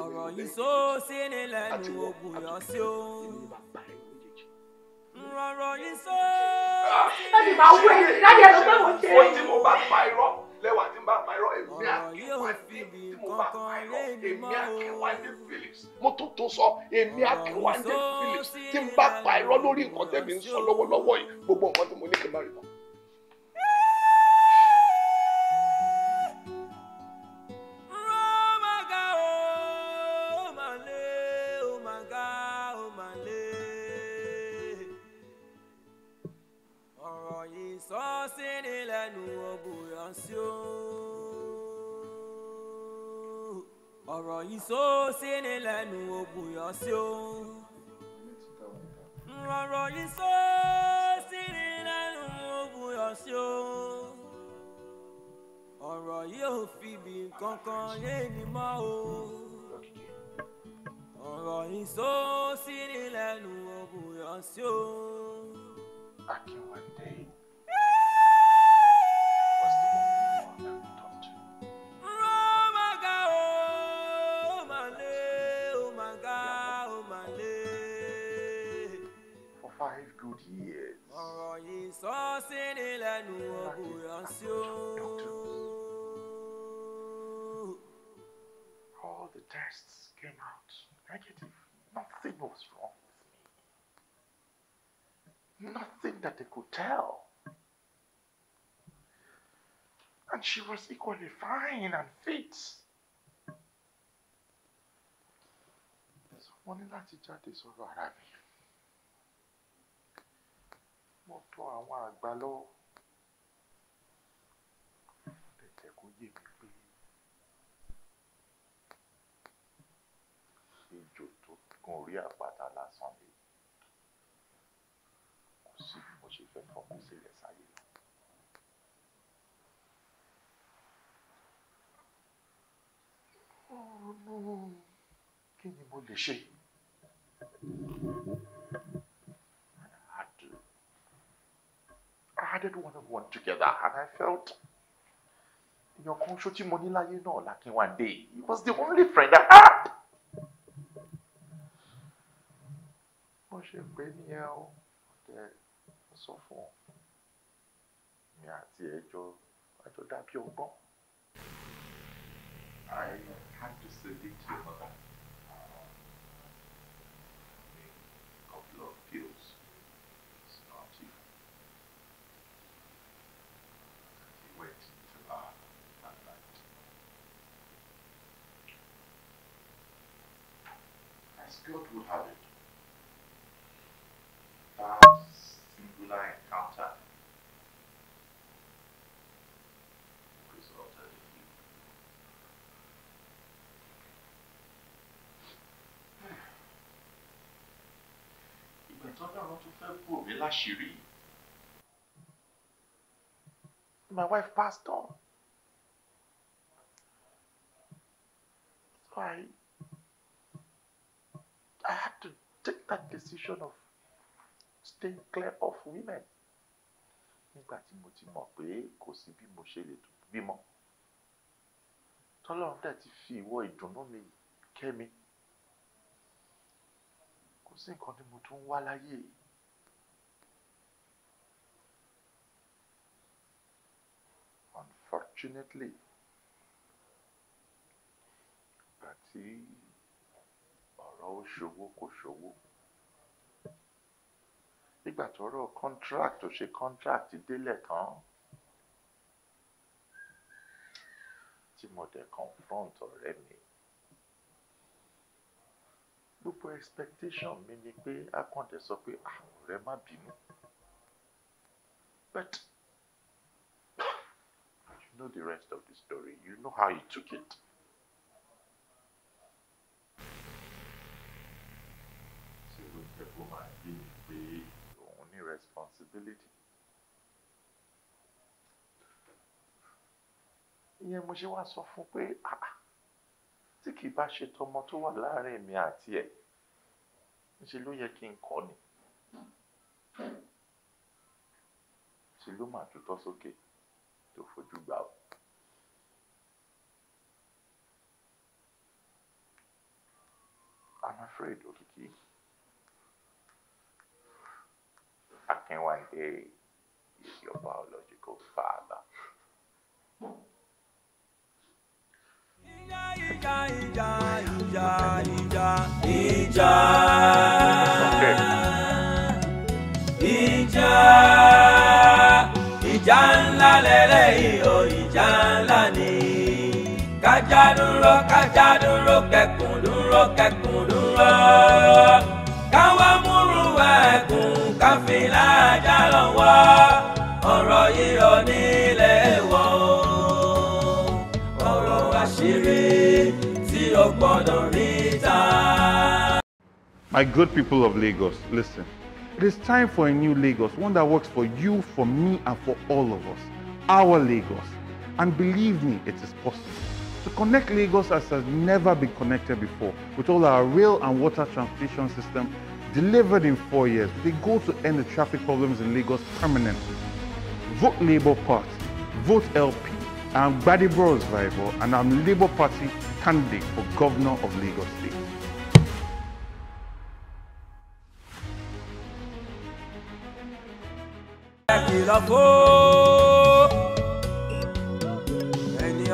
ọ̀rọ̀ yìí só sí ni lẹ́nu ògùn yọ sí o. rọ̀rọ̀ yìí só. ẹni ah! máa wú ẹ láti ẹ lọ pé mo ṣe. wọ́n ti mo bá pa irọ́ lẹ́wà tí ń bá àpáyọ èmi àkíwádé tí mo bá àpáyọ èmi àkíwádé Phillips mo tún tún sọ èmi àkíwádé Phillips tí ń bá àpáyọ lórí nǹkan tẹ̀mí ń sọ lọ́wọ́lọ́wọ́ yìí gbogbo nǹkan tí mo ní kí n má rí mọ́. ìsọsírí lẹ́nu òbúyọ̀ sí o. Akínwándé. Five good years. Ọ̀rọ̀ yìí sọ́sírí lẹ́nu òbúyọ̀ sí o. nothing was wrong with me. Nothing that they could tell. And she was equally fine and fit. wọ́n ní láti jáde is over mi. gun orí àpáta lásán lè kò sí bí mo ṣe fẹ́ fọkàn sílẹ̀ sáyé lọ. kí ni mo lè ṣe? I added one and one together and I felt èèyàn kan ṣojú mo ní láyé one day, he was the only friend I had. wọ́n ṣe pé nìyẹn o sọ I had to sedate it A couple of pills. He to her that night. have it. fẹ́ bò mí láṣìírí. My wife passed on. So I, I had to take that decision of staying clear of women. Nígbà tí mo ti mọ̀ pé kò sí bí mo ṣe lè bímọ. Tọ́lọ́run dẹ̀ ti fi ìwọ ìdùnnú mi kẹ́ mi. Kò sí nǹkan tí mo tún ń wá láyé yìí. Unfortunately, ìgbà tí ọ̀rọ̀ ó ṣòwò kò ṣòwò, nígbà tọ́rọ̀ contract ò ṣe contract délẹ̀ tán, tí mo dẹ̀ confront ọ̀rẹ́ mi, gbogbo expectation mi ni pé a kàn dẹ̀ sọ pé ah, ọ̀rẹ́ má bínú. But know the rest of the story. You know how he took it. ṣé only responsibility? ìyẹn mo ṣe wá sọ fún pé tí kì í bá ṣe tọmọ tó wà láàárín mi àti ẹ̀ ńṣe ló yẹ kí n kọ́ ni. ṣe ló máa tutọ́ sókè. Okay. tó fojú gbà ó. I'm afraid, Okiki. Akinwande is your biological father. Ìjà lẹ́rẹ́ ihò oh, ìjà ńlá ni. kájà dúró kájà dúró kẹkùn dúró kẹkùn dúró. káwá múrù wá ẹkùn káfíńlá ajá lọ́wọ́. ọ̀rọ̀ yíyọ nílé wọ̀ ọ̀rọ̀ àṣírí tí ó gbọ́dọ̀ níta. My good people of Lagos, listen. It is time for a new Lagos, one that works for you, for me, and for all of us. our Lagos. And believe me, it is possible to connect Lagos as has never been connected before with all our rail and water transportation system delivered in four years with a goal to end the traffic problems in Lagos permanently. Vote Labour Party, vote LP. I'm Buddy Bros Rival, and I'm Labour Party candidate for Governor of Lagos State.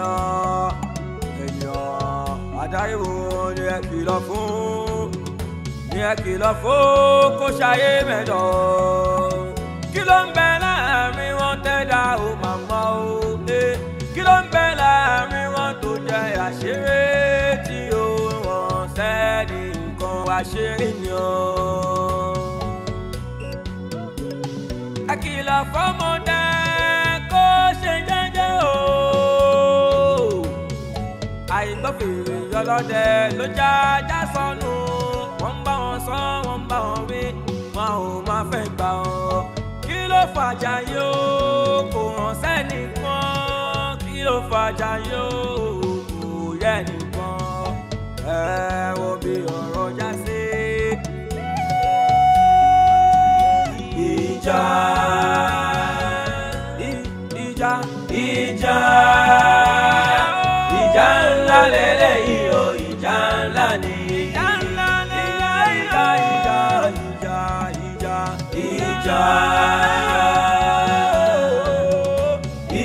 èèyàn èèyàn àdáyébò ni ẹ kìlọ̀ fún ni ẹ kìlọ̀ fún kó ṣayé mẹ́dọ̀ kí ló ń bẹ láàrin wọn tẹ́dá o màmá o kí ló ń bẹ láàrin wọn tó jẹ àṣírí tí o wọn sẹ́ni nǹkan àṣírí ni o. ẹ kìlọ̀ fọ́mọdé kó ṣe jẹ́jẹ́ o àìgbọ́fèrè ọlọ́dẹ ló já já sọnù wọ́n ń bá wọn sọ wọ́n ń bá wọn wí wọn ò máa fẹ́ gbà ọ́ kí ló fàjà yóò kò hàn sẹ́ni kan kí ló fàjà yóò kò yẹ nìkan ẹ wo bí ọ̀rọ̀ já sí. ìjà ìjà ìjà lélẹ́yìí o ìjà ńlá ni. ìjà ńlá ni ìjà ìjà ìjà ìjà ìjà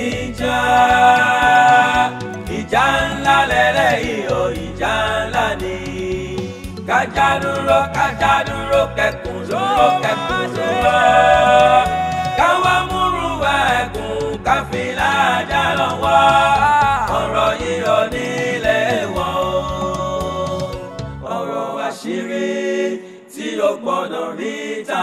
ìjà. ìjà ìjà ńlá lélẹ́yìí o ìjà ńlá ni. kájà dúró kájà dúró kẹkùn dúró kẹkùn dúró. káwá múrùwá ẹ̀gùn káfíńlá ajá lọ́wọ́ ọ̀rọ̀ yìí ò ní. gbọ́dọ̀ ríta.